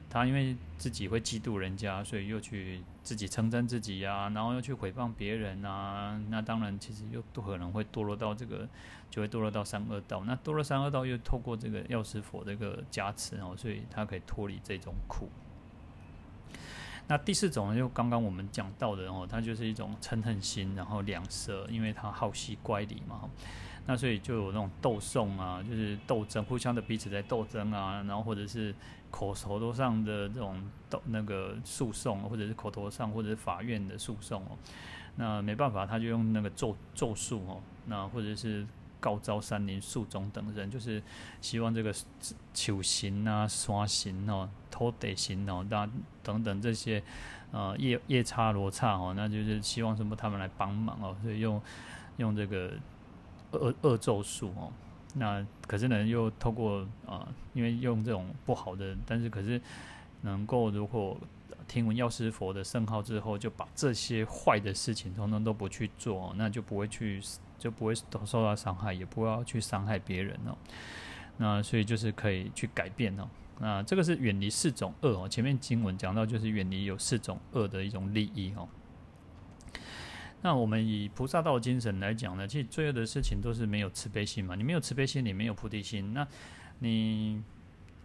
他，因為自己會嫉妒人家，所以又去自己稱讚自己啊，然後又去毀謗別人啊，那當然其實又可能會墮落到這個，就會墮落到三惡道。那墮落三惡道，又透過這個藥師佛這個加持哦，所以他可以脫離這種苦。那第四種呢，就剛剛我們講到的哦，它就是一種嗔恨心，然後兩舌，因為他好習乖離嘛。那所以就有那種鬥訟啊，就是鬥爭，互相的彼此在鬥爭啊，然後或者是口口頭上的這種鬥那個訴訟，或者是口頭上或者是法院的訴訟哦。那沒辦法，他就用那個咒咒術哦，那或者是告召山林、樹塚、等人，就是希望這個求行啊、刷行哦、偷德行哦、等等等這些夜、呃、夜叉羅剎哦，那就是希望什麼他們來幫忙哦、喔，所以用用這個。惡惡咒術哦，那可是呢，又透過啊，呃，因為用這種不好的，但是可是能夠如果聽聞藥師佛的聖號之後，就把這些壞的事情通通都不去做哦，那就不會去，就不會受到傷害，也不會要去傷害別人哦。那所以就是可以去改變哦。那這個是遠離四種惡哦，前面經文講到就是遠離有四種惡的一種利益哦。那我們以菩薩道精神來講呢，其實最後的事情都是沒有慈悲心嘛。你沒有慈悲心，你沒有菩提心。那，你，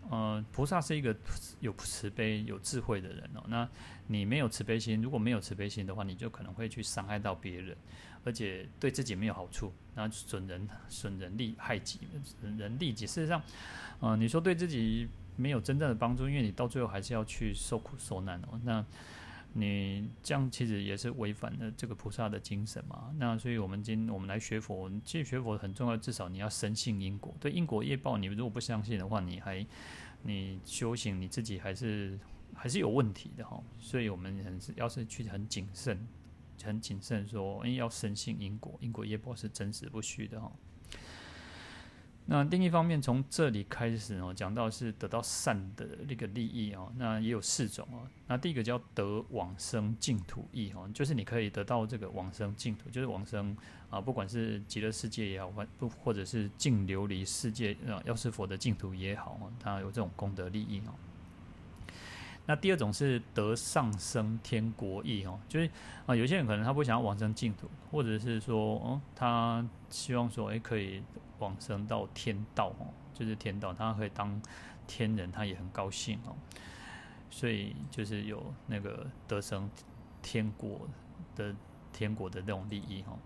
呃，菩薩是一個有慈悲、有智慧的人哦、喔。那你沒有慈悲心，如果沒有慈悲心的話，你就可能會去傷害到別人，而且對自己沒有好處。那損人損人利害己，損人利己。事實上，呃，你說對自己沒有真正的幫助，因為你到最後還是要去受苦受難哦、喔。那。你這樣其實也是違反了這個菩薩的精神嘛。那所以我們今天我們來學佛，其實學佛很重要，至少你要深信因果。對因果業報，你如果不相信的話，你還你修行你自己還是還是有問題的哈。所以我們很要是去很謹慎，很謹慎說，誒，要深信因果，因果業報是真實不虛的哈。那另一方面，從這裡開始哦，講到是得到善的那個利益哦，那也有四種哦。那第一個叫得往生淨土益哦，就是你可以得到這個往生淨土，就是往生啊，不管是極樂世界也好，或者是淨琉璃世界啊，藥師佛的淨土也好，它有這種功德利益哦。那第二種是得上升天國益哦，就是啊，有些人可能他不想要往生淨土，或者是說，他希望說，可以。往生到天道哦，就是天道，他可以當天人，他也很高興哦，所以就是有那個得生天國的天國的那種利益哦。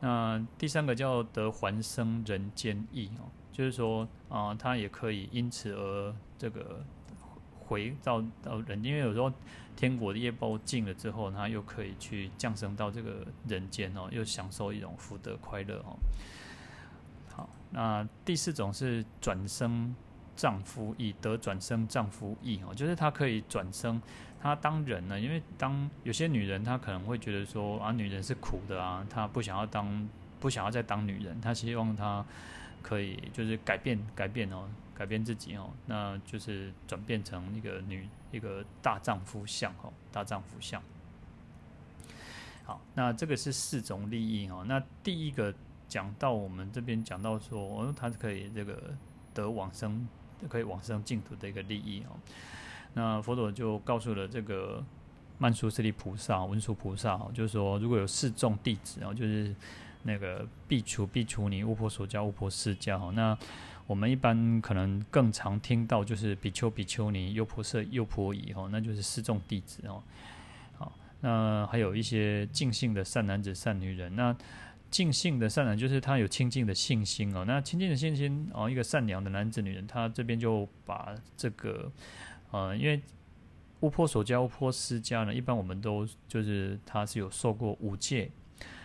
那第三個叫得還生人間意哦，就是說啊、呃，他也可以因此而這個回到到人間，因為有時候天國的業報盡了之後，他又可以去降生到這個人間哦，又享受一種福德快樂哦。啊，第四種是轉生丈夫義，得轉生丈夫義哦，就是他可以轉生他當人呢，因為當有些女人她可能會覺得說啊，女人是苦的啊，她不想要當，不想要再當女人，她希望她可以就是改變改變哦，改變自己哦，那就是轉變成一個女，一個大丈夫相哦，大丈夫相。好，那這個是四種利益哦，那第一個，講到我們這邊講到說、嗯，他可以這個得往生，可以往生淨土的一個利益哦。那佛陀就告訴了這個曼殊室利菩薩、文殊菩薩，就是說如果有四眾弟子，就是那個苾芻、苾芻尼、鄔波索迦、鄔波斯迦。那我們一般可能更常聽到就是比丘、比丘尼、優婆塞、優婆夷哈，那就是四眾弟子哦。好，那還有一些淨信的善男子、善女人那。盡性的善良，就是他有清淨的信心哦。那清淨的信心哦，一個善良的男子、女人，他這邊就把這個，呃，因為優婆所迦、優婆斯迦呢，一般我們都就是他是有受過五戒，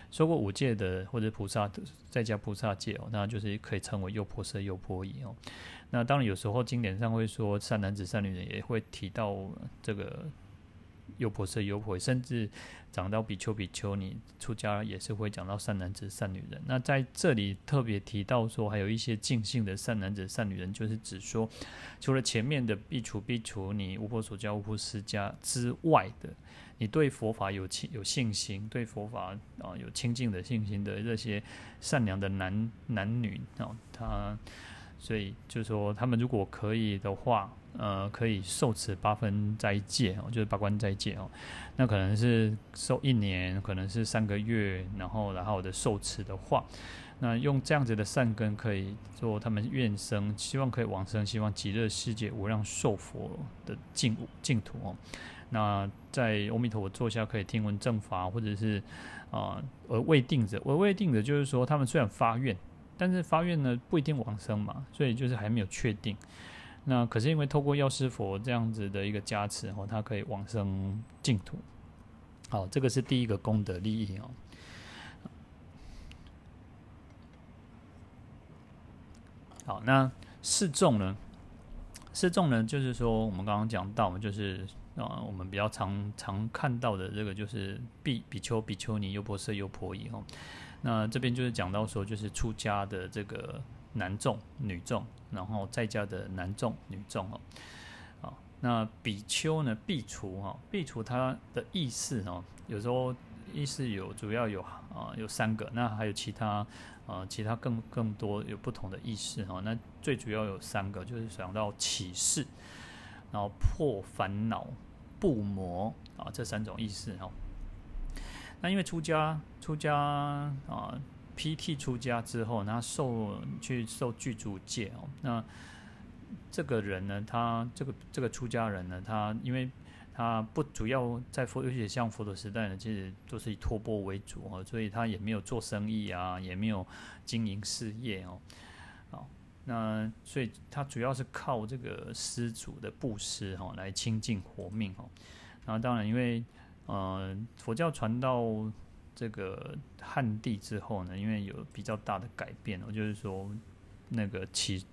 受過五戒的或者菩薩的在家菩薩戒哦，那就是可以稱為優婆塞、優婆夷哦。那當然有時候經典上會說善男子、善女人也會提到這個優婆塞、優婆夷，甚至。講到比丘、比丘尼出家，也是會講到善男子、善女人。那在這裡特別提到說，還有一些淨信的善男子、善女人，就是指說，除了前面的苾芻、苾芻尼、鄔波索迦、鄔波斯迦之外的，你對佛法有有信心，對佛法啊有親近的信心的這些善良的男男女啊，他。所以就說，他們如果可以的話，呃，可以受持八分齋戒哦，就是八關齋戒哦。那可能是受一年，可能是三個月，然後然後的受持的話，那用這樣子的善根，可以做他們願生，希望可以往生，希望極樂世界無量壽佛的淨淨土哦。那在阿彌陀佛坐下可以聽聞正法，或者是啊而、呃、未定者，而未定者就是說他們雖然發願。但是發願呢，不一定往生嘛，所以就是還沒有確定。那可是因為透過藥師佛這樣子的一個加持哦，他可以往生淨土。好，這個是第一個功德利益哦。好，那四眾呢？四眾呢，就是說我們剛剛講到，就是啊，我們比較常常看到的這個，就是比比丘、比丘尼優，優婆塞、優婆夷哦。那這邊就是講到說，就是出家的這個男眾、女眾，然後在家的男眾、女眾哦，啊，那比丘呢，比丘哈，比丘他的意思哦，有時候意思有，主要有啊，有三個，那還有其他啊，其他更更多有不同的意思哈，那最主要有三個，就是想到乞士，然後破煩惱、怖魔啊，這三種意思哈。那因為出家，出家啊，P T 出家之後，然後他受去受具足戒哦。那這個人呢，他這個這個出家人呢，他因為他不主要在佛，尤其像佛的時代呢，其實都是以托缽為主哦，所以他也沒有做生意啊，也沒有經營事業哦。好，那所以他主要是靠這個施主的布施哈來清淨活命哦。然後當然因為。嗯，佛教傳到這個漢地之後呢，因為有比較大的改變哦，就是說那個起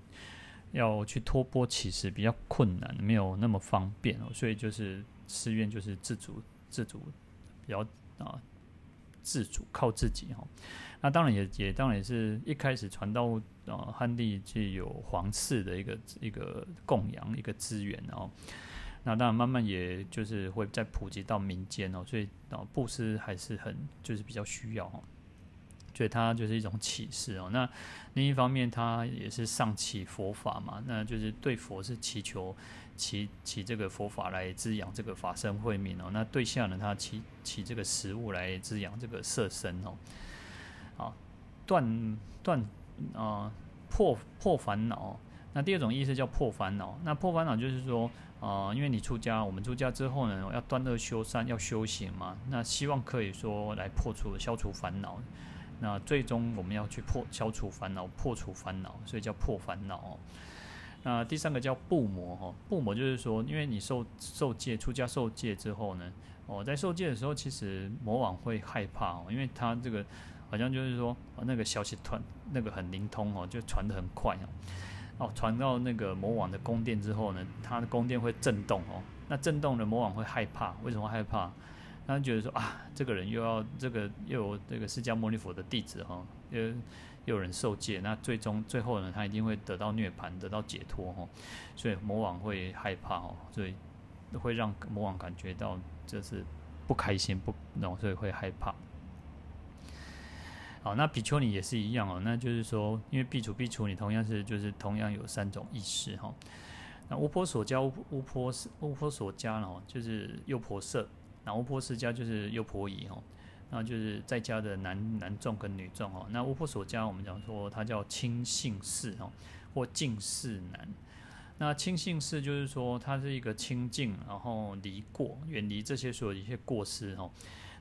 要去托缽乞食比較困難，沒有那麼方便哦，所以就是寺院就是自主、自主比較啊、呃、自主靠自己哦。那當然也也當然也是一開始傳到啊漢、呃、地，就有皇室的一個一個供養一個資源哦。那當然，慢慢也就是會再普及到民間哦，所以哦，布施還是很就是比較需要哦、喔，所以它就是一種乞士哦、喔。那另一方面，它也是上乞佛法嘛，那就是對佛是祈求，祈祈這個佛法來滋養這個法身慧命哦。那對下呢，它祈祈這個食物來滋養這個色身哦。啊，斷斷啊，破破煩惱。那第二種意思叫破煩惱，那破煩惱就是說。啊、呃，因為你出家，我們出家之後呢，要斷惡修善，要修行嘛。那希望可以說來破除、消除煩惱。那最終我們要去破、消除煩惱、破除煩惱，所以叫破煩惱。那第三個叫怖魔哈，怖魔就是說，因為你受受戒出家受戒之後呢，我、哦、在受戒的時候，其實魔王會害怕，因為他這個好像就是說那個消息團那個很靈通哦，就傳得很快哦，傳到那個魔王的宮殿之後呢，他的宮殿會震動哦。那震動的魔王會害怕，為什麼害怕？他覺得說啊，這個人又要這個又有這個釋迦牟尼佛的弟子哈，又又有人受戒，那最終最後呢，他一定會得到涅槃，得到解脫哦。所以魔王會害怕哦，所以會讓魔王感覺到這是不開心不，然後，所以會害怕。好，那比丘尼也是一樣哦，那就是說，因為比丘比丘，你同樣是就是同樣有三種意識哈、哦。那鄔波索迦烏婆烏婆，波索迦哦，就是優婆塞；那鄔波斯迦就是優婆夷哦。那就是在家的男男眾跟女眾哦。那鄔波索迦我們講說，它叫清信士哦，或近事男。那清信士就是說，他是一個清淨，然後離過，遠離這些所有一些過失哦。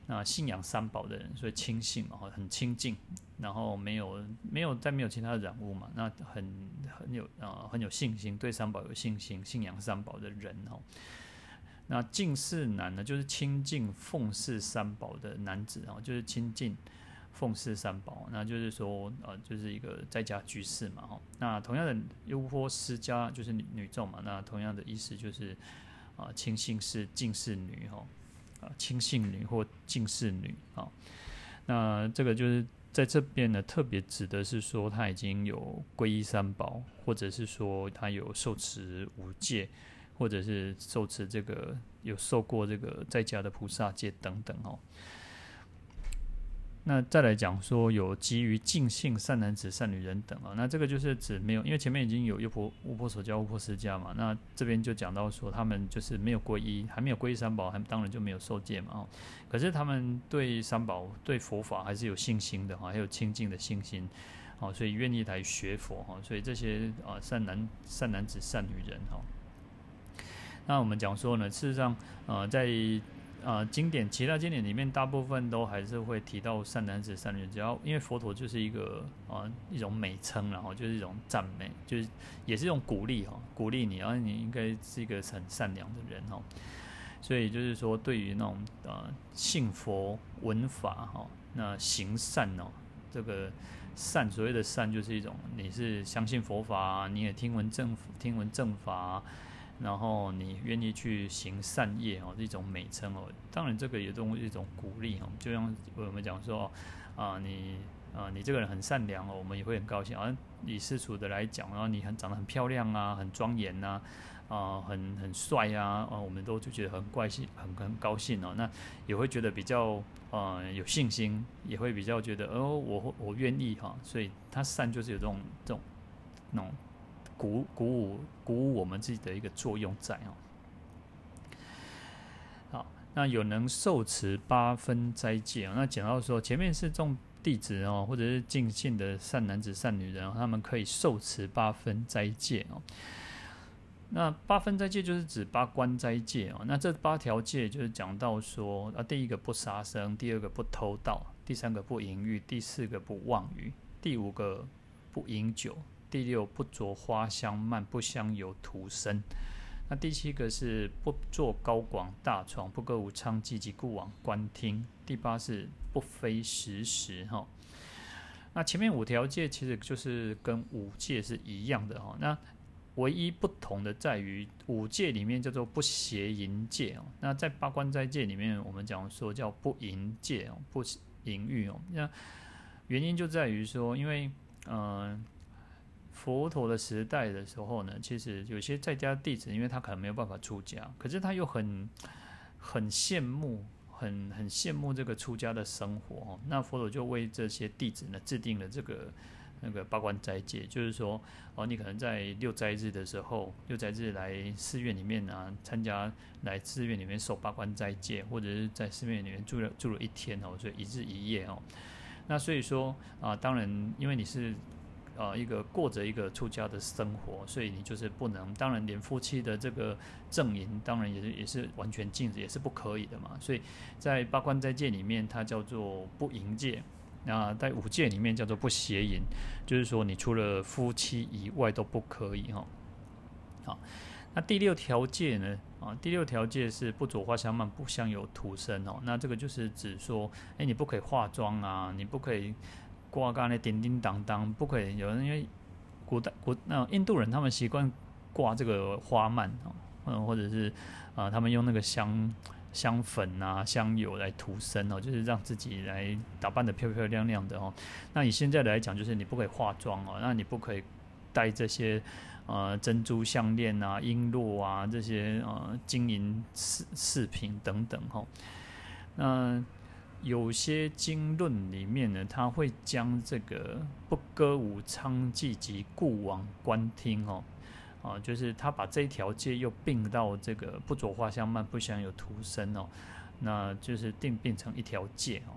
那信仰三寶的人，所以親信嘛，很親近，然後沒有沒有再沒有其他的染污嘛，那很很有、呃、很有信心，對三寶有信心，信仰三寶的人哦。那近事男呢，就是親近奉事三寶的男子哦，就是親近奉事三寶，那就是說呃，就是一個在家居士嘛，吼。那同樣的優婆斯迦就是女眾嘛，那同樣的意思就是啊、呃，親信是近事女吼、哦。清信女或近事女啊，那這個就是在這邊呢，特別指的是說，她已經有皈依三寶，或者是說她有受持五戒，或者是受持這個有受過這個在家的菩薩戒等等哦。那再來講說，有及餘淨信善男子、善女人等啊，那這個就是指沒有，因為前面已經有鄔波、鄔波索迦、鄔波斯迦嘛，那這邊就講到說，他們就是沒有皈依，還沒有皈依三寶，當然就沒有受戒嘛。可是他們對三寶、對佛法還是有信心的啊，還有清淨的信心，好，所以願意來學佛哈、啊。所以這些啊，善男善男子、善女人哈、啊，那我們講說呢，事實上、呃，在。呃，經典，其他經典裡面大部分都還是會提到善男子、善女人，只要因為佛陀就是一個、呃、一種美稱，然後就是一種讚美，就是也是一種鼓勵、啊、鼓勵你、啊，而且你應該是一個很善良的人、啊、所以就是說，對於那種、呃、信佛、聞法哈、啊，那行善哦、啊，這個善，所謂的善就是一種，你是相信佛法、啊，你也聽聞正聽聞正法、啊。然後你願意去行善業哦、啊，這種美稱哦、啊，當然這個也一種一種鼓勵哦、啊，就像我們講說，啊你啊你這個人很善良哦，我們也會很高興。啊，你世俗的來講，啊，你很長得很漂亮啊，很莊嚴吶、啊，啊很很帥啊，啊我們都就覺得很歡喜很很高興哦、啊，那也會覺得比較啊有信心，也會比較覺得哦我我願意哈、啊，所以他善就是有這種這種那種。鼓鼓舞，鼓舞我們自己的一個作用在哦，好，那有能受持八分齋戒哦，那講到說前面是眾弟子哦，或者是盡信的善男子善女人哦，他們可以受持八分齋戒哦。那八分齋戒就是指八關齋戒哦，那這八條戒就是講到說啊，第一個不殺生，第二個不偷盜，第三個不淫欲，第四個不妄語，第五個不飲酒。第六，不着花香慢不香油塗身。那第七個是不坐高廣大床，不歌舞娼妓，及故往觀聽。第八是不非時食哈。那前面五條戒其實就是跟五戒是一樣的。那唯一不同的在於五戒裡面叫做不邪淫戒。那在八關齋戒裡面，我們講說叫不淫戒、不淫欲哦。那原因就在於說，因為嗯。呃佛陀的時代的時候呢，其實有些在家弟子，因為他可能沒有辦法出家，可是他又很很羨慕，很很羨慕這個出家的生活哦。那佛陀就為這些弟子呢，制定了這個那個八關齋戒，就是說哦，你可能在六齋日的時候，六齋日來寺院裡面啊，參加來寺院裡面受八關齋戒，或者是在寺院裡面住了住了一天哦，所以一日一夜哦。那所以說啊，當然因為你是。啊，一個過着一個出家的生活，所以你就是不能，當然連夫妻的這個正淫，當然也是也是完全禁止，也是不可以的嘛。所以在八關齋戒裡面，它叫做不淫戒。那在五戒裡面叫做不邪淫，就是說你除了夫妻以外都不可以哈、哦。好，那第六條戒呢？啊，第六條戒是不着花香鬘，不香油塗身哦。那這個就是指說，哎、欸，你不可以化妝啊，你不可以。掛咖那叮叮當當不可以有，有人因為古代古那、啊、印度人他們習慣掛這個花鬘哦，嗯、啊，或者是啊，他們用那個香香粉啊、香油來塗身哦、啊，就是讓自己來打扮得漂漂亮亮的哦、啊。那你現在來講，就是你不可以化妝哦、啊，那你不可以戴這些呃、啊、珍珠項鏈啊、瓔珞啊這些呃、啊、金銀飾飾品等等吼，啊有些經論裡面呢，他會將這個不歌舞倡伎、及故往觀聽哦，啊，就是他把這一條戒又併到這個不着花香鬘、不香油塗身哦，那就是定變成一條戒哦。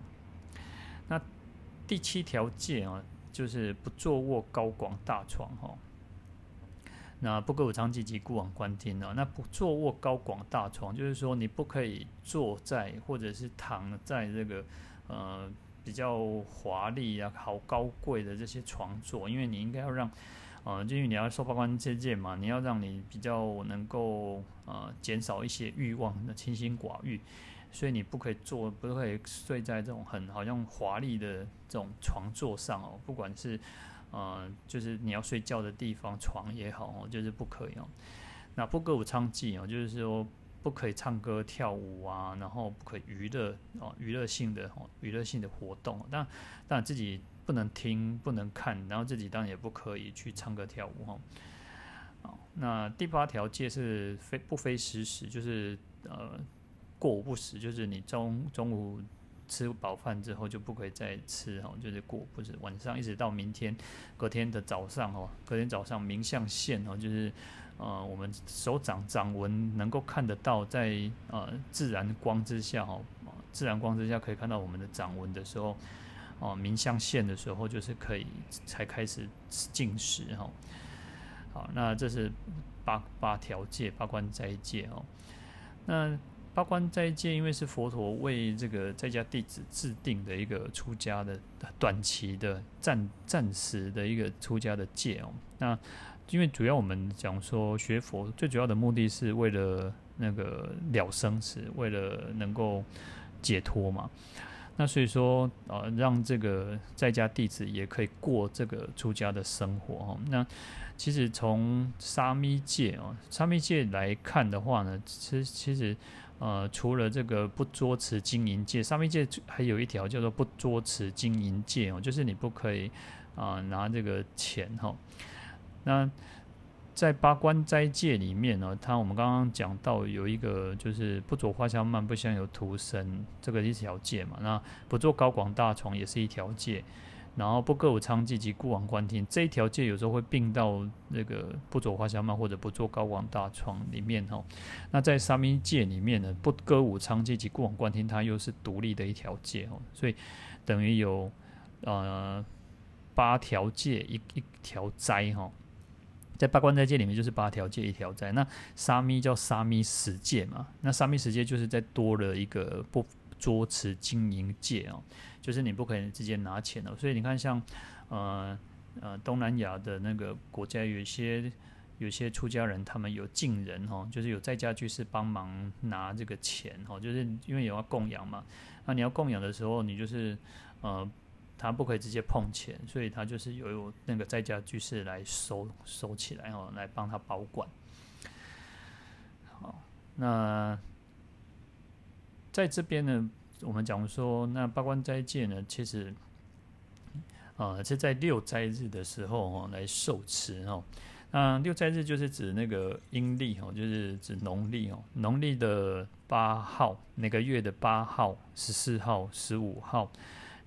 那第七條戒啊、哦，就是不坐臥高廣大床哦。那不歌舞倡伎，故往觀聽，那不坐臥高廣大床，就是說你不可以坐在或者是躺在這個呃比較華麗呀、好高貴的這些床座，因為你應該要讓，呃，因為你要受八關齋戒嘛，你要讓你比較能夠呃減少一些欲望，那清心寡欲，所以你不可以坐，不可以睡在這種很好像華麗的這種床座上哦、啊，不管是。呃，就是你要睡覺的地方，床也好哦，就是不可以哦。那不歌舞倡伎哦，就是說不可以唱歌跳舞啊，然後不可以娛樂哦，娛樂性的哦，娛樂性的活動。但但自己不能聽，不能看，然後自己當然也不可以去唱歌跳舞哦、哦。那第八條戒是非不非時食，就是呃過午不食，就是你中中午。吃飽飯之後就不可以再吃哦，就是過不是晚上一直到明天，隔天的早上哦，隔天早上明相現哦，就是呃我們手掌掌紋能夠看得到在，在呃自然光之下哦，自然光之下可以看到我們的掌紋的時候哦、呃，明相現的時候就是可以才開始進食哈。好，那這是八八條戒八關齋戒哦，那。八關齋戒，因為是佛陀為這個在家弟子制定的一個出家的短期的暫暫時的一個出家的戒哦。那因為主要我們講說學佛最主要的目的是為了那個了生死，為了能夠解脫嘛。那所以說呃，讓這個在家弟子也可以過這個出家的生活哦。那其實從沙彌戒哦，沙彌戒來看的話呢，其實其實。呃，除了這個不捉持金銀戒，沙彌戒還有一條叫做不捉持金銀戒哦，就是你不可以啊、呃、拿這個錢哈。那在八關齋戒裡面呢，它我們剛剛講到有一個就是不著花香鬘，不香油塗身，這個是一條戒嘛。那不坐高廣大床也是一條戒。然後不歌舞倡伎及故往觀聽，這一條戒有時候會併到那個不著花香鬘或者不坐高廣大床裡面哈、哦。那在沙彌戒裡面呢，不歌舞倡伎及故往觀聽它又是獨立的一條戒哦。所以等於有呃八條戒一一條齋哈、哦。在八關齋戒裡面就是八條戒一條齋。那沙彌叫沙彌十戒嘛，那沙彌十戒就是在多了一個不。捉持金銀戒啊、哦，就是你不可以直接拿錢的、哦。所以你看像，像呃呃東南亞的那個國家有，有一些有些出家人，他們有淨人哦，就是有在家居士幫忙拿這個錢哦，就是因為有要供養嘛。那你要供養的時候，你就是呃他不可以直接碰錢，所以他就是有那個在家居士來收收起來哦，來幫他保管。好，那。在這邊呢，我們講說那八關齋戒呢，其實啊、呃、是在六齋日的時候哦來受持哦。那六齋日就是指那個陰曆哦，就是指農曆哦，農曆的八號，那個月的八號、十四號、十五號，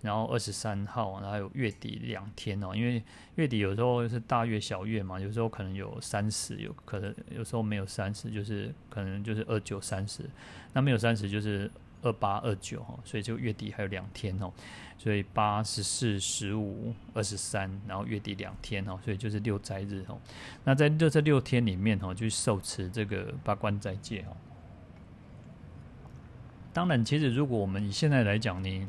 然後二十三號，然後還有月底兩天哦。因為月底有時候是大月小月嘛，有時候可能有三十，有可能有時候沒有三十，就是可能就是二九三十，那沒有三十就是。二八二九所以就月底還有兩天，所以八、十四、十五、二十三，然後月底兩天，所以就是六齋日。那在這六天裡面就去受持這個八關齋戒當然。其實如果我們現在來講呢，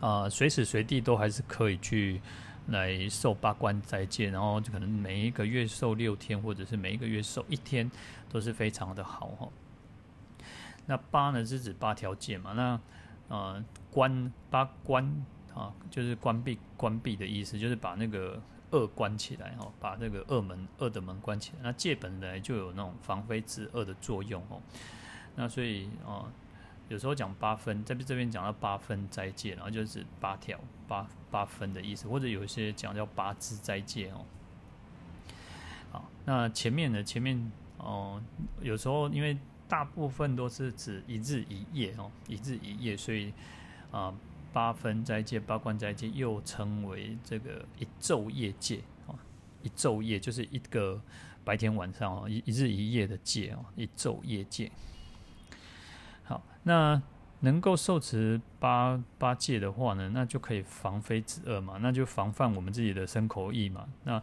啊、呃，隨時隨地都還是可以去來受八關齋戒，然後就可能每一個月受六天，或者是每一個月受一天，都是非常的好。那八呢，是指八條戒嘛？那，呃，關八關啊，就是關閉、關閉的意思，就是把那個惡關起來哦，把那個惡門、惡的門關起來。那戒本來就有那種防非止惡的作用哦。那所以，哦，有時候講八分，在這邊講到八分齋戒，然後就是八條、八八分的意思，或者有一些講叫八支齋戒哦。好，那前面呢，前面哦，有時候因為。大部分都是指一日一夜哦，一日一夜，所以啊，八分齋戒、八關齋戒又稱為這個一晝夜戒哦，一晝夜就是一個白天晚上哦，一一日一夜的戒哦，一晝夜戒。好，那能夠受持八八戒的話呢，那就可以防非止惡嘛，那就防範我們自己的身口意嘛。那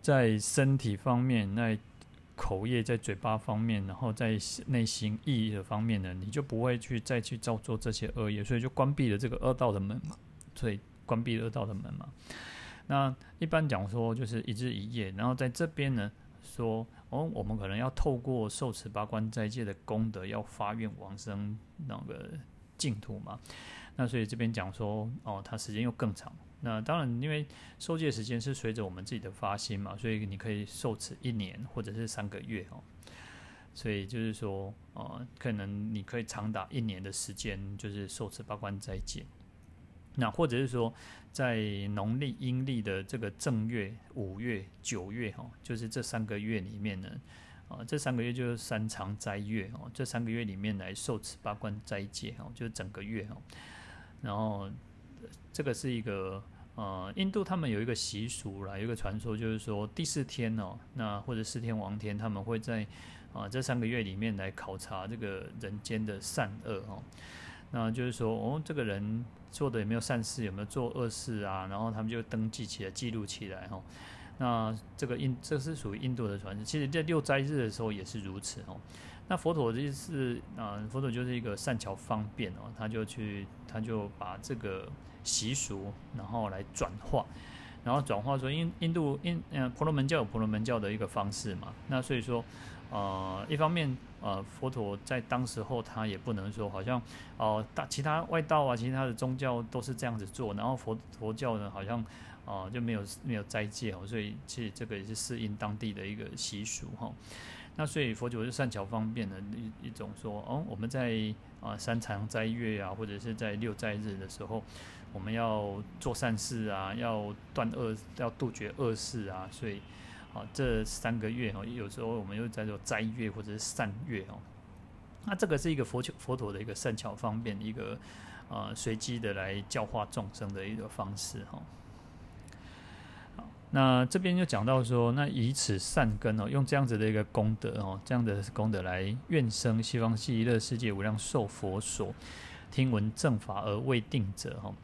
在身體方面，那口業在嘴巴方面，然後在內心意義的方面呢，你就不會去再去造作這些惡業，所以就關閉了這個惡道的門，所以關閉惡道的門嘛。那一般講說就是一日一夜，然後在這邊呢說哦，我們可能要透過受持八關齋戒的功德，要發願往生那個淨土嘛。那所以這邊講說哦，它時間又更長。那當然，因為受戒的時間是隨着我們自己的發心嘛，所以你可以受持一年或者是三個月哦、喔。所以就是說，呃，可能你可以長達一年的時間，就是受持八關齋戒。那或者是說，在農曆陰曆的這個正月、五月、九月，哈，就是這三個月裡面呢，啊，這三個月就是三長齋月哦、喔，這三個月裡面來受持八關齋戒哦、喔，就是整個月哦、喔。然後，這個是一個。呃，印度他們有一個習俗啦，有一個傳說，就是說第四天哦，那或者四天王天，他們會在啊、呃、這三個月裡面來考察這個人間的善惡哦，那就是說，哦，這個人做的有沒有善事，有沒有做惡事啊？然後他們就登記起來，記錄起來哈、哦。那這個印，這是屬於印度的傳說，其實，在六齋日的時候也是如此哦。那佛陀的意思是啊，佛陀就是一個善巧方便哦，他就去，他就把這個習俗，然後來轉化，然後轉化說，印印度印嗯婆羅門教有婆羅門教的一個方式嘛，那所以說，呃，一方面呃，佛陀在當時候他也不能說好像哦，大其他外道啊，其他的宗教都是這樣子做，然後佛佛教呢好像哦、呃、就沒有沒有齋戒哦，所以其實這個也是適應當地的一個習俗哈、哦。那所以佛就是善巧方便的一一種說，哦，我們在啊、呃、三長齋月啊，或者是在六齋日的時候，我們要做善事啊，要斷惡，要杜絕惡事啊。所以，啊、呃、這三個月哦、啊，有時候我們又叫做齋月或者是善月哦、啊。那這個是一個佛求佛陀的一個善巧方便的一個呃隨機的來教化眾生的一個方式哈、啊。那這邊就講到說，那以此善根哦，用這樣子的一個功德哦，這樣的功德來願生西方極樂世界無量壽佛所聽聞正法而未定者哈、哦，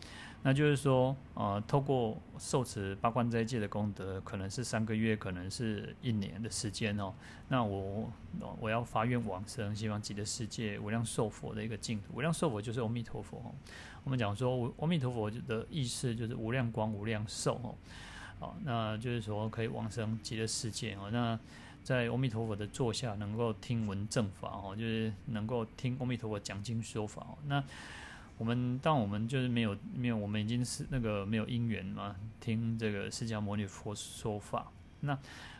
那就是說呃，透過受持八關齋戒的功德，可能是三個月，可能是一年的時間哦。那我我要發願往生西方極樂世界無量壽佛的一個淨土，無量壽佛就是阿彌陀佛哦。我們講說，無阿阿彌陀佛的意思就是無量光、無量壽哦。好，那就是說可以往生極樂世界哦。那在阿彌陀佛的座下，能夠聽聞正法哦，就是能夠聽阿彌陀佛講經說法。那我們當我們就是沒有沒有我們已經是那個沒有因緣嘛，聽這個釋迦牟尼佛說法。那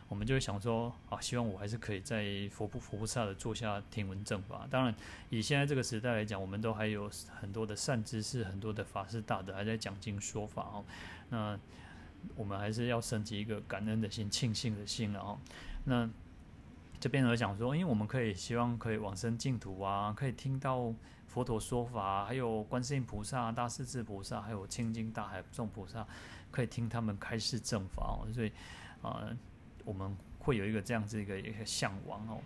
我們就會想說，啊，希望我還是可以在佛不佛菩薩的座下聽聞正法。當然，以現在這個時代來講，我們都還有很多的善知識，很多的法師大德還在講經說法哦。那我們還是要升起一個感恩的心、慶幸的心、啊，然後那這邊來講說，因為我們可以希望可以往生淨土啊，可以聽到佛陀說法，還有觀世音菩薩、大勢至菩薩，還有清淨大海眾菩薩，可以聽他們開示正法哦。所以啊、呃，我們會有一個這樣子一個一個向往哦。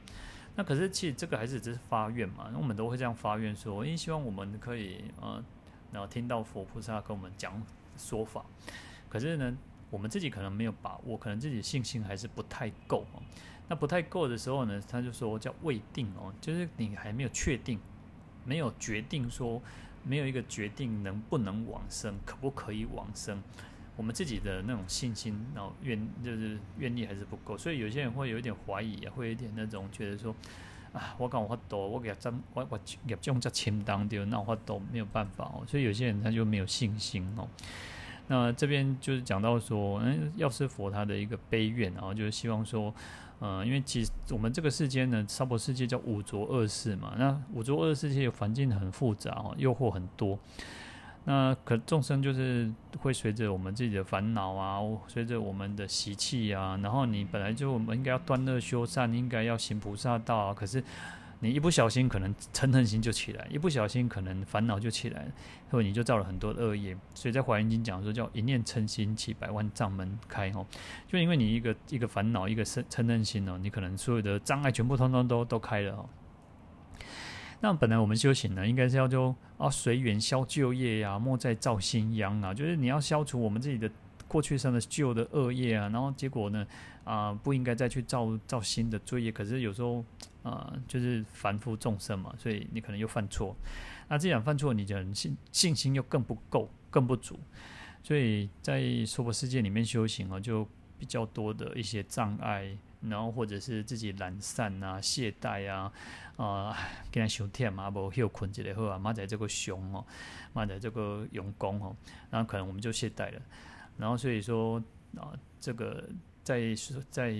那可是其實這個還是只是發願嘛，我們都會這樣發願說，因為希望我們可以啊、呃，然後聽到佛菩薩跟我們講說法。可是呢，我們自己可能沒有把握，可能自己信心還是不太夠哦。那不太夠的時候呢，他就說叫未定哦，就是你還沒有確定，沒有決定說沒有一個決定能不能往生，可不可以往生？我們自己的那種信心哦，然後願就是願力還是不夠，所以有些人會有一點懷疑也啊，會有一點那種覺得說啊，我搞我多，我給他，我我也不用叫錢當掉，那我都沒有辦法哦，所以有些人他就沒有信心哦。那這邊就是講到說，嗯，藥師佛他的一個悲願啊，就是希望說，嗯、呃，因為其實我們這個世間呢，娑婆世界叫五濁惡世嘛，那五濁惡世世界環境很複雜哦、啊，誘惑很多。那可眾生就是會隨着我們自己的煩惱啊，隨着我們的習氣啊，然後你本來就我們應該要斷惡修善，應該要行菩薩道，啊，可是。你一不小心可能嗔恨心就起來，一不小心可能煩惱就起來，然後你就造了很多惡業。所以在《華嚴經》講說叫一念嗔心起，幾百萬障門開哦，就因為你一個一個煩惱，一個嗔嗔恨心哦，你可能所有的障礙全部通通都都開了哦。那本來我們修行呢，應該是要就啊隨緣消舊業呀、啊，莫再造新殃啊。就是你要消除我們自己的過去生的舊的惡業啊，然後結果呢？啊、呃，不應該再去造造新的罪業。可是有時候，呃，就是凡夫眾生嘛，所以你可能又犯錯。那既然犯錯，你的信信心又更不夠、更不足，所以在娑婆世界裡面修行哦、啊，就比較多的一些障礙。然後或者是自己懶散啊、懈怠啊，啊、呃，今天受天嘛，無又困起來後啊，媽在這個熊哦、啊，媽在這個用功哦，然後可能我們就懈怠了。然後所以說啊、呃，這個。在在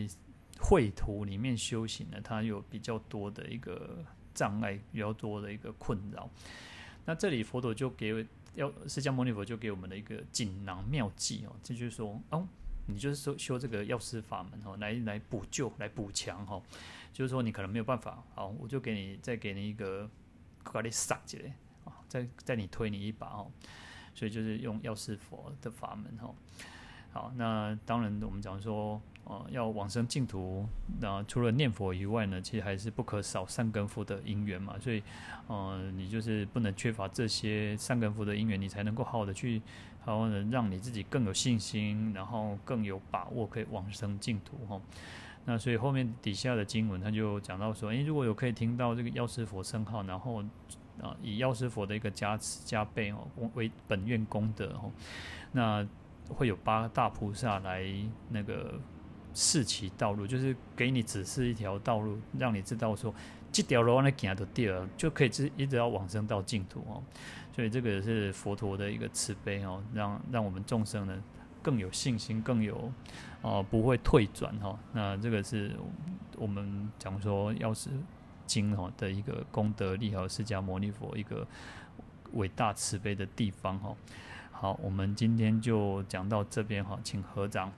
穢土裡面修行呢，它有比較多的一個障礙，比較多的一個困擾。那這裡佛陀就給要釋迦牟尼佛就給我們的一個錦囊妙計哦，這就是說，哦，你就是說修這個藥師法門哦，來來補救，來補強哈、哦，就是說你可能沒有辦法哦，我就給你再給你一個再力撒啊，再你推你一把哦，所以就是用藥師佛的法門哈、哦。好，那當然，我們講說，哦、呃，要往生淨土，那、啊、除了念佛以外呢，其實還是不可少善根福德因緣嘛。所以，呃，你就是不能缺乏這些善根福德因緣，你才能夠好好的去，好、啊、能讓你自己更有信心，然後更有把握可以往生淨土哈、哦。那所以後面底下的經文他就講到說，誒，如果有可以聽到這個藥師佛聲號，然後，啊，以藥師佛的一個加持加被哦，為本願功德哦，那。會有八大菩薩來那個示其道路，就是給你指示一條道路，讓你知道說這條路呢，撿到就可以一直要往生到淨土哦。所以這個是佛陀的一個慈悲哦，讓讓我們眾生呢更有信心，更有、呃、不會退轉哈、哦。那這個是我們講說藥師經的一個功德利和釋迦牟尼佛一個偉大慈悲的地方哈、哦。好，我們今天就講到這邊哈，請合掌。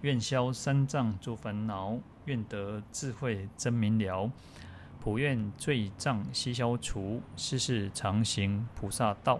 願消三障諸煩惱，願得智慧真明了，普願罪障悉消除，世世常行菩薩道。